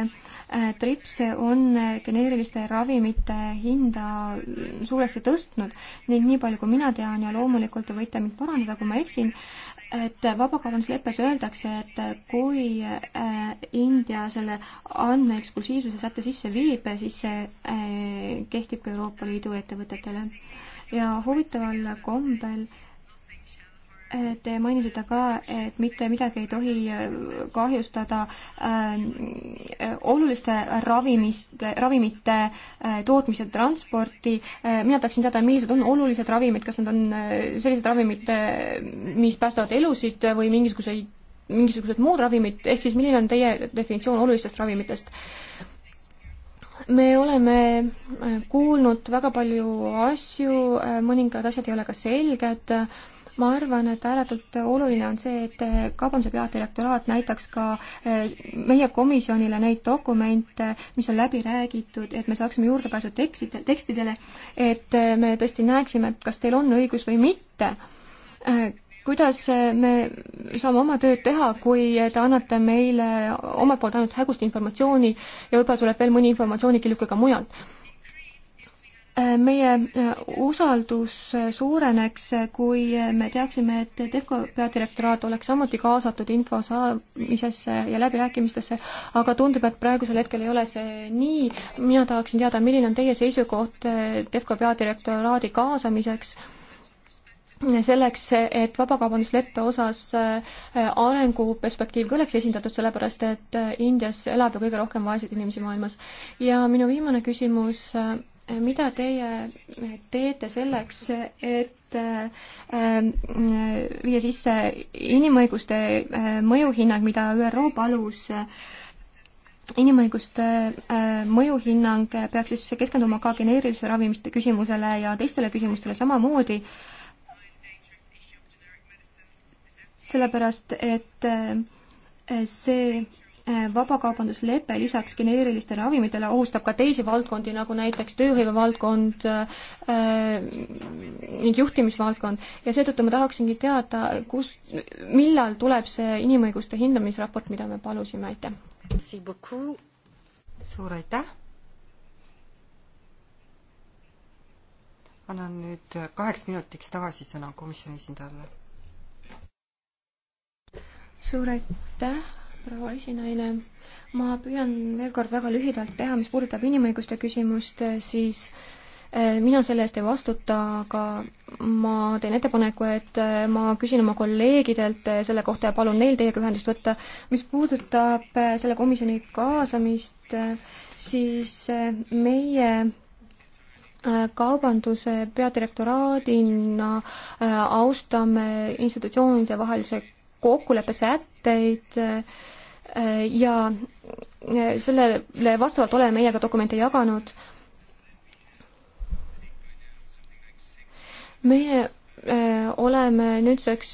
Äh, trips on geneeriliste ravimite hinda suuresti tõstnud ning nii palju, kui mina tean ja loomulikult te võite mind parandada, kui ma eksin, et vabakaubandusleppes öeldakse, et kui äh, India selle andmeeksklusiivsuse sätte sisse viib, siis see kehtib ka Euroopa Liidu ettevõtetele. ja huvitaval kombel äh, Te mainisite ka, et mitte midagi ei tohi äh, kahjustada ähm, oluliste ravimist, ravimite äh, tootmise transporti. Äh, mina tahaksin teada, millised on olulised ravimid, kas need on sellised ravimid, mis päästavad elusid või mingisuguseid, mingisugused muud ravimid, ehk siis milline on teie definitsioon olulistest ravimitest? me oleme kuulnud väga palju asju, mõningad asjad ei ole ka selged ma arvan, et ääretult oluline on see, et kaubanduse peadirektoraat näitaks ka eh, meie komisjonile neid dokumente, mis on läbi räägitud, et me saaksime juurdepääsu tekstide, tekstidele, et eh, me tõesti näeksime, et kas teil on õigus või mitte eh, kuidas me saame oma tööd teha, kui te annate meile omalt poolt ainult hägust informatsiooni ja võib-olla tuleb veel mõni informatsioonikilluke ka mujalt? meie äh, usaldus äh, suureneks, äh, kui me teaksime, et Defco peadirektoraat oleks samuti kaasatud info saamisesse ja läbirääkimistesse, aga tundub, et praegusel hetkel ei ole see nii. mina tahaksin teada, milline on teie seisukoht Defco peadirektoraadi kaasamiseks selleks, et vabakaubandusleppe osas arenguperspektiiv ka oleks esindatud, sellepärast et Indias elab ju kõige rohkem vaeseid inimesi maailmas. ja minu viimane küsimus mida teie teete selleks, et äh, viia sisse inimõiguste äh, mõjuhinnang, mida ÜRO palus, inimõiguste äh, mõjuhinnang peaks siis keskenduma ka geneerilise ravimiste küsimusele ja teistele küsimustele samamoodi, sellepärast et see Äh, vabakaubanduslepe lisaks geneerilistele ravimitele ohustab ka teisi valdkondi, nagu näiteks tööhõive valdkond äh, ning juhtimisvaldkond ja seetõttu ma tahaksingi teada, kus, millal tuleb see inimõiguste hindamisraport, mida me palusime, aitäh! suur aitäh! annan nüüd kaheks minutiks tagasi sõna komisjoni esindajale. suur aitäh! proua esinaine. ma püüan veel kord väga lühidalt teha, mis puudutab inimõiguste küsimust, siis eh, mina selle eest ei vastuta, aga ma teen ettepaneku, et eh, ma küsin oma kolleegidelt eh, selle kohta ja palun neil teiega ühendust võtta. mis puudutab selle komisjoni kaasamist, siis meie kaubanduse peadirektoraadina austame institutsioonide vahelise kokkuleppe sätte, mõtteid äh, ja äh, sellele vastavalt oleme meiega dokumente jaganud. meie äh, oleme nüüdseks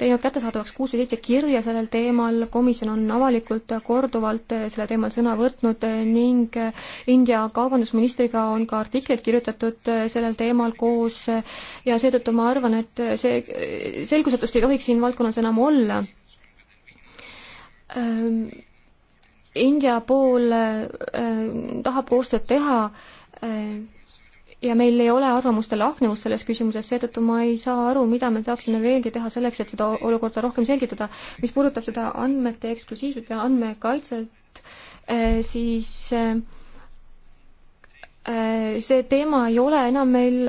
teinud kättesaadavaks kuus või seitse kirja sellel teemal, komisjon on avalikult korduvalt sellel teemal sõna võtnud ning India kaubandusministriga on ka artikleid kirjutatud sellel teemal koos ja seetõttu ma arvan, et see, selgusetust ei tohiks siin valdkonnas enam olla ähm, India pool äh, tahab koostööd teha äh, ja meil ei ole arvamuste lahknevust selles küsimuses, seetõttu ma ei saa aru, mida me saaksime veelgi teha selleks, et seda olukorda rohkem selgitada. mis puudutab seda andmete eksklusiivsust ja andmekaitset äh,, siis äh, äh see teema ei ole enam meil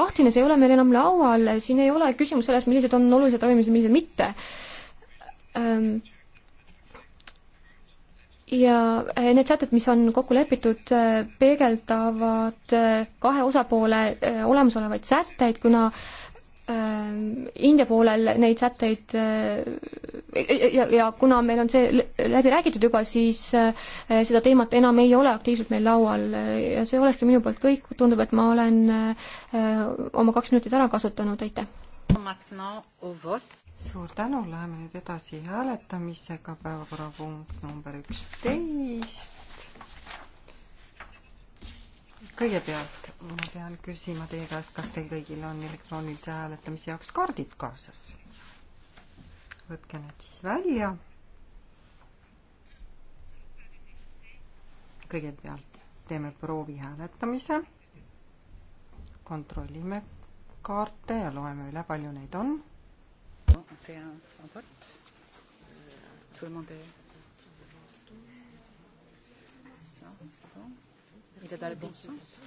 lahtine, see ei ole meil enam laual, siin ei ole küsimus selles, millised on olulised ravimid ja millised mitte ähm, ja eh, need sätted, mis on kokku lepitud, eh, peegeldavad eh, kahe osapoole olemasolevaid sätteid, kuna India poolel neid sätteid ja, ja kuna meil on see läbi räägitud juba, siis seda teemat enam ei ole aktiivselt meil laual ja see olekski minu poolt kõik, tundub, et ma olen oma kaks minutit ära kasutanud, aitäh! suur tänu, läheme nüüd edasi hääletamisega, päevakorrapunkt number üksteist. kõigepealt ma pean küsima teie käest, kas teil kõigil on elektroonilise hääletamise jaoks kaardid kaasas? võtke need siis välja. kõigepealt teeme proovi hääletamise. kontrollime kaarte ja loeme üle, palju neid on on fait un, un vote euh, Tout le monde est... Ça, c'est bon Il est dans le bon sens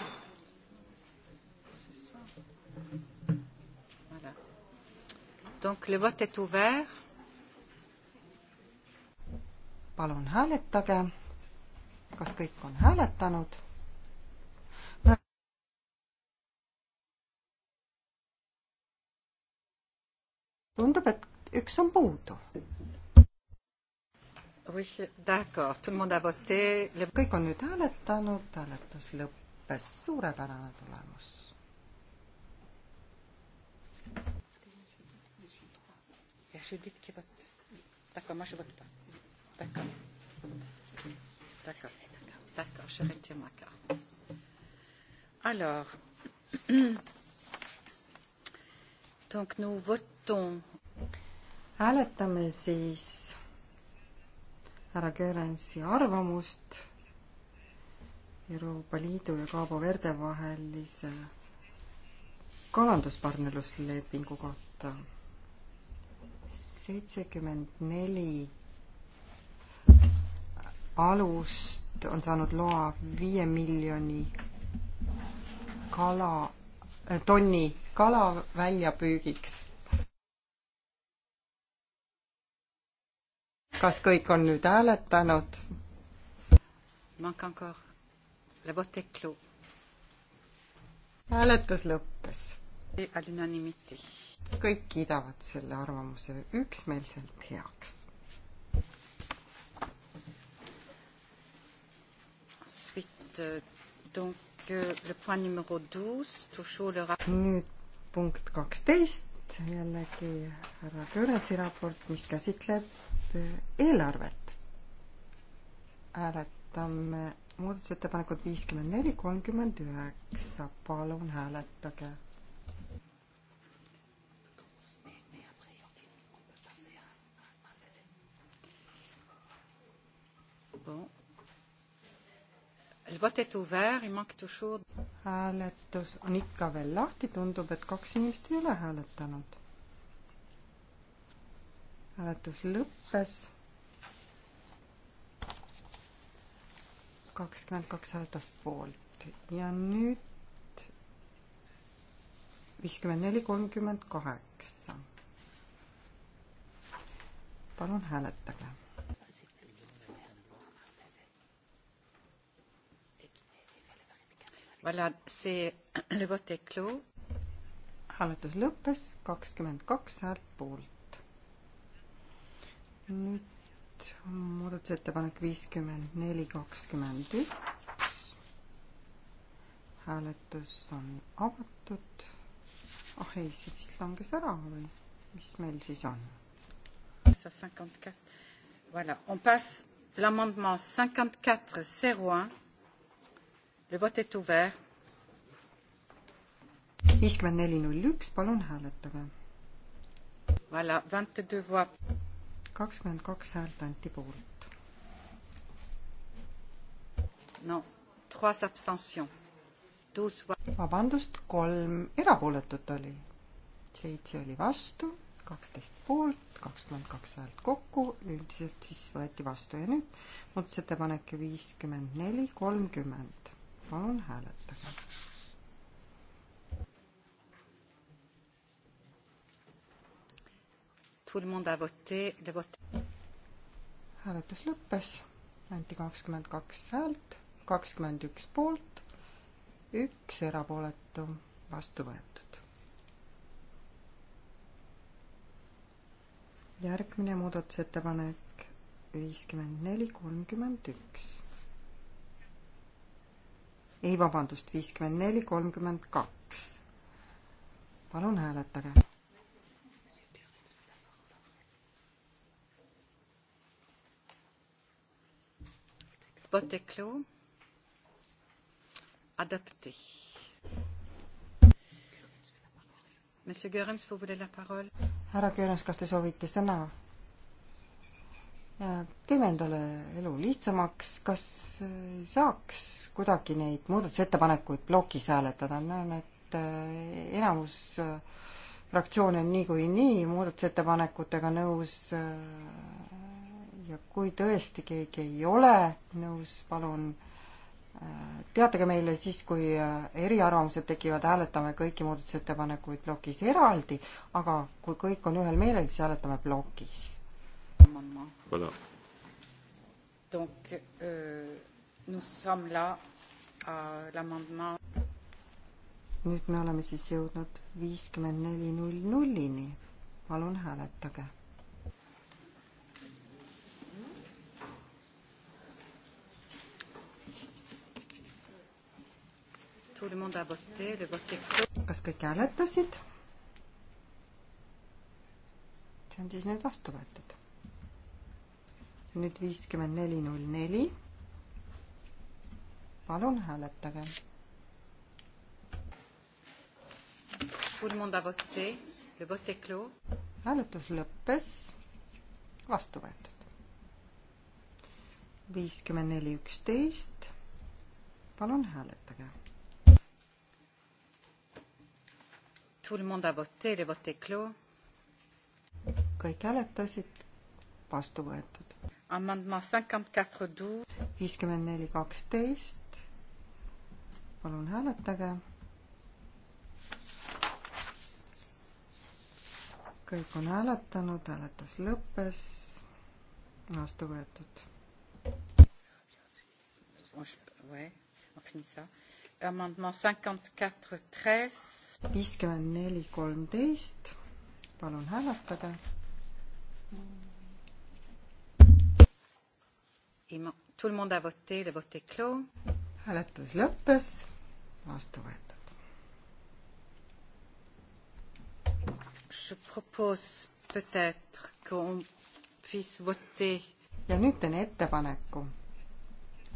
C'est ça. Voilà. Donc le vote est ouvert. palun hääletage. kas kõik on hääletanud? tundub, et üks on puudu. kõik on nüüd hääletanud, hääletus lõppes, suurepärane tulemus. Alors, Donc nous votons. hääletame siis härra Kerensi arvamust Euroopa Liidu ja Cabo Verde vahelise kalanduspartnerluslepingu kohta. seitsekümmend neli alust on saanud loa viie miljoni kala, tonni kala väljapüügiks. kas kõik on nüüd hääletanud? hääletus lõppes. kõik kiidavad selle arvamuse üksmeelselt heaks ensuite donc euh, le point numéro 12, toujours le rapport punkt kaksteist, jällegi härra Kõõretsi raport, mis käsitleb äh, eelarvet. hääletame muudatusettepanekud viiskümmend neli, kolmkümmend üheksa, palun hääletage Bon hääletus on ikka veel lahti, tundub, et kaks inimest ei ole hääletanud. hääletus lõppes. kakskümmend kaks hääletas poolt ja nüüd viiskümmend neli, kolmkümmend kaheksa. palun hääletage Voilà, see, le vote est clos. hääletus lõppes, kakskümmend kaks häält poolt. nüüd muudatusettepanek viiskümmend neli, kakskümmend üks. hääletus on avatud. ah ei, see vist langes ära või mis meil siis on? Voilà, on passe l'amendement cinquante quatre zéro un Le vote est ouvert. viiskümmend neli null üks, palun hääletage. Voilà, vingt-deux voix. kakskümmend kaks häält anti poolt. no, trois abstentions. Douze voix. vabandust, kolm erapooletut oli. seitse oli vastu, kaksteist poolt, kakskümmend kaks häält kokku, üldiselt siis võeti vastu ja nüüd muudatusettepanek viiskümmend neli, kolmkümmend palun hääletage. hääletus lõppes, anti kakskümmend kaks häält, kakskümmend üks poolt, üks erapooletu, vastu võetud. järgmine muudatusettepanek viiskümmend neli, kolmkümmend üks ei, vabandust, viiskümmend neli, kolmkümmend kaks. palun hääletage. Boteklu, adapté. Monsieur Görens, vous voulez la parole? härra Görens, kas te soovite sõna? teeme endale elu lihtsamaks, kas äh, saaks kuidagi neid muudatusettepanekuid plokis hääletada, näen, et äh, enamus äh, fraktsioone on niikuinii nii muudatusettepanekutega nõus ja kui tõesti keegi ei ole nõus, palun teatage meile siis, kui eriarvamused tekivad, hääletame kõiki muudatusettepanekuid plokis eraldi, aga kui kõik on ühel meelel, siis hääletame plokis amendement. Voilà. Donc, euh, nous sommes là à l'amendement. nüüd me oleme siis jõudnud viiskümmend neli null nullini. palun hääletage kas kõik hääletasid? see on siis nüüd vastu võetud nüüd viiskümmend neli null neli. palun hääletage. hääletus lõppes, vastu võetud. viiskümmend neli üksteist, palun hääletage Tout le monde a voté, le vote est clos. Kõik hääletasid, vastu võetud viiskümmend neli kaksteist. palun hääletage. kõik on hääletanud, hääletus lõppes, vastu võetud. viiskümmend neli kolmteist, palun hääletage hääletus lõppes, vastu võetud. Je propose peut-être qu'on puisse voter. ja nüüd teen ettepaneku,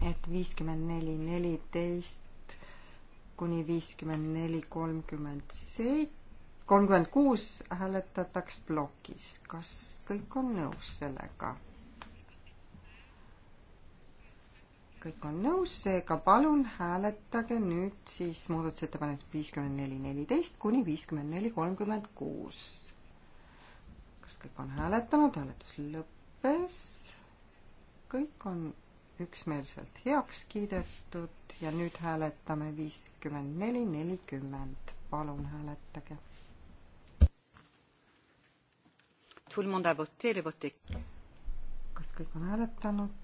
et viiskümmend neli, neliteist kuni viiskümmend neli, kolmkümmend seit-, kolmkümmend kuus hääletataks plokis. kas kõik on nõus sellega? kõik on nõus, seega palun hääletage nüüd siis muudatusettepanek viiskümmend neli neliteist kuni viiskümmend neli kolmkümmend kuus. kas kõik on hääletanud, hääletus lõppes, kõik on üksmeelselt heaks kiidetud ja nüüd hääletame viiskümmend neli nelikümmend, palun hääletage. kas kõik on hääletanud?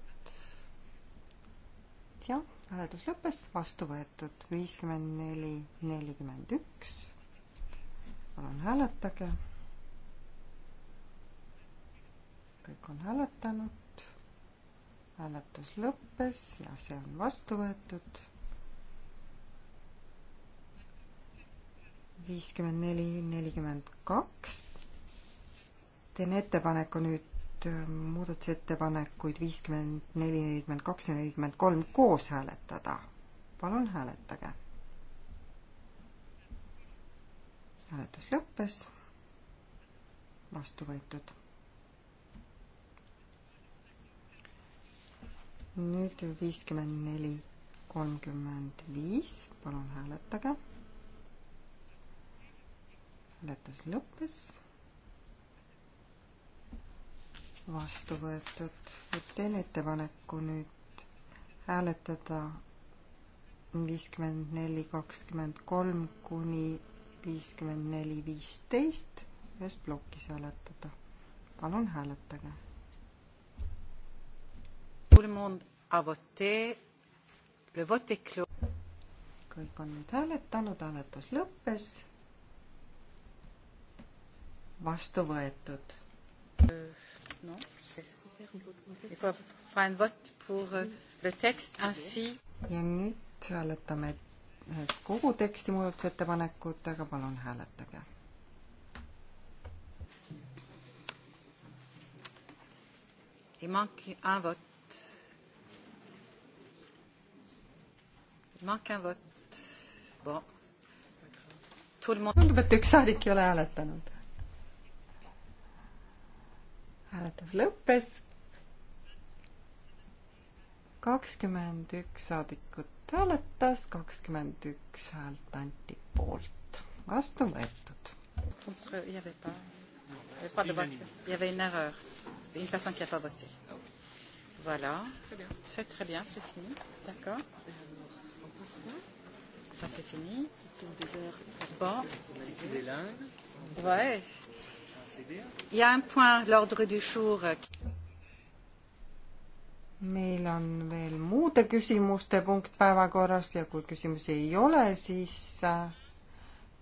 ja hääletus lõppes, vastu võetud viiskümmend neli, nelikümmend üks. palun hääletage. kõik on hääletanud. hääletus lõppes ja see on vastu võetud. viiskümmend neli, nelikümmend kaks. teen ettepaneku nüüd Äh, muudatusettepanekuid viiskümmend neli, nelikümmend kaks ja nelikümmend kolm koos hääletada. palun hääletage. hääletus lõppes. vastu võetud. nüüd viiskümmend neli, kolmkümmend viis, palun hääletage. hääletus lõppes vastu võetud. teen ettepaneku nüüd hääletada viiskümmend neli kakskümmend kolm kuni viiskümmend neli viisteist ühes plokis hääletada. palun hääletage. kõik on nüüd hääletanud, hääletus lõppes. vastu võetud euh, Non Il faut faire un vote pour euh, le texte ainsi. ja nüüd hääletame äh, kogu teksti muudatusettepanekutega, palun hääletage. Il manque un vote. Il manque un vote. Bon. tundub, et üks saadik ei ole hääletanud hääletus lõppes. kakskümmend üks saadikut hääletas, kakskümmend üks häält anti poolt, vastu võetud. Voilà, c'est très bien, c'est fini, d'accord. Ça c'est fini. Bon. Ouais meil on veel muude küsimuste punkt päevakorras ja kui küsimusi ei ole, siis äh,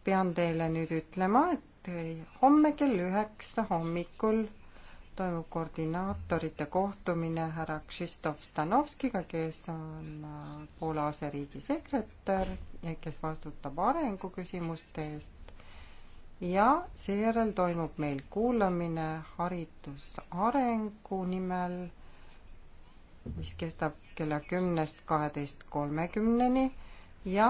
pean teile nüüd ütlema, et äh, homme kell üheksa hommikul toimub koordinaatorite kohtumine härra Krzysztof Stanovskiga, kes on äh, Poola aseriigi sekretär ja kes vastutab arenguküsimuste eest ja seejärel toimub meil kuulamine haridusarengu nimel, mis kestab kella kümnest kaheteist kolmekümneni ja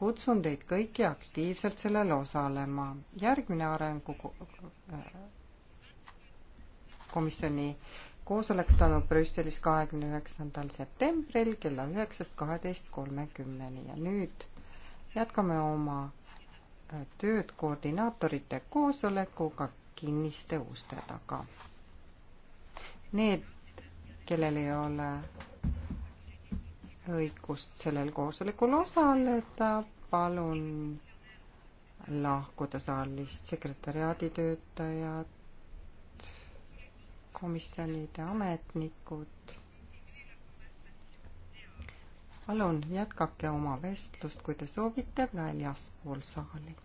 kutsun teid kõiki aktiivselt sellel osalema. järgmine arengu komisjoni koosolek toimub Brüsselis kahekümne üheksandal septembril kella üheksast kaheteist kolmekümneni ja nüüd jätkame oma tööd koordinaatorite koosolekuga kinniste uste taga. Need, kellel ei ole õigust sellel koosolekul osaleda, palun lahkuda saalist, sekretäriaadi töötajad, komisjonide ametnikud palun jätkake oma vestlust, kui te soovite, väljaspool saali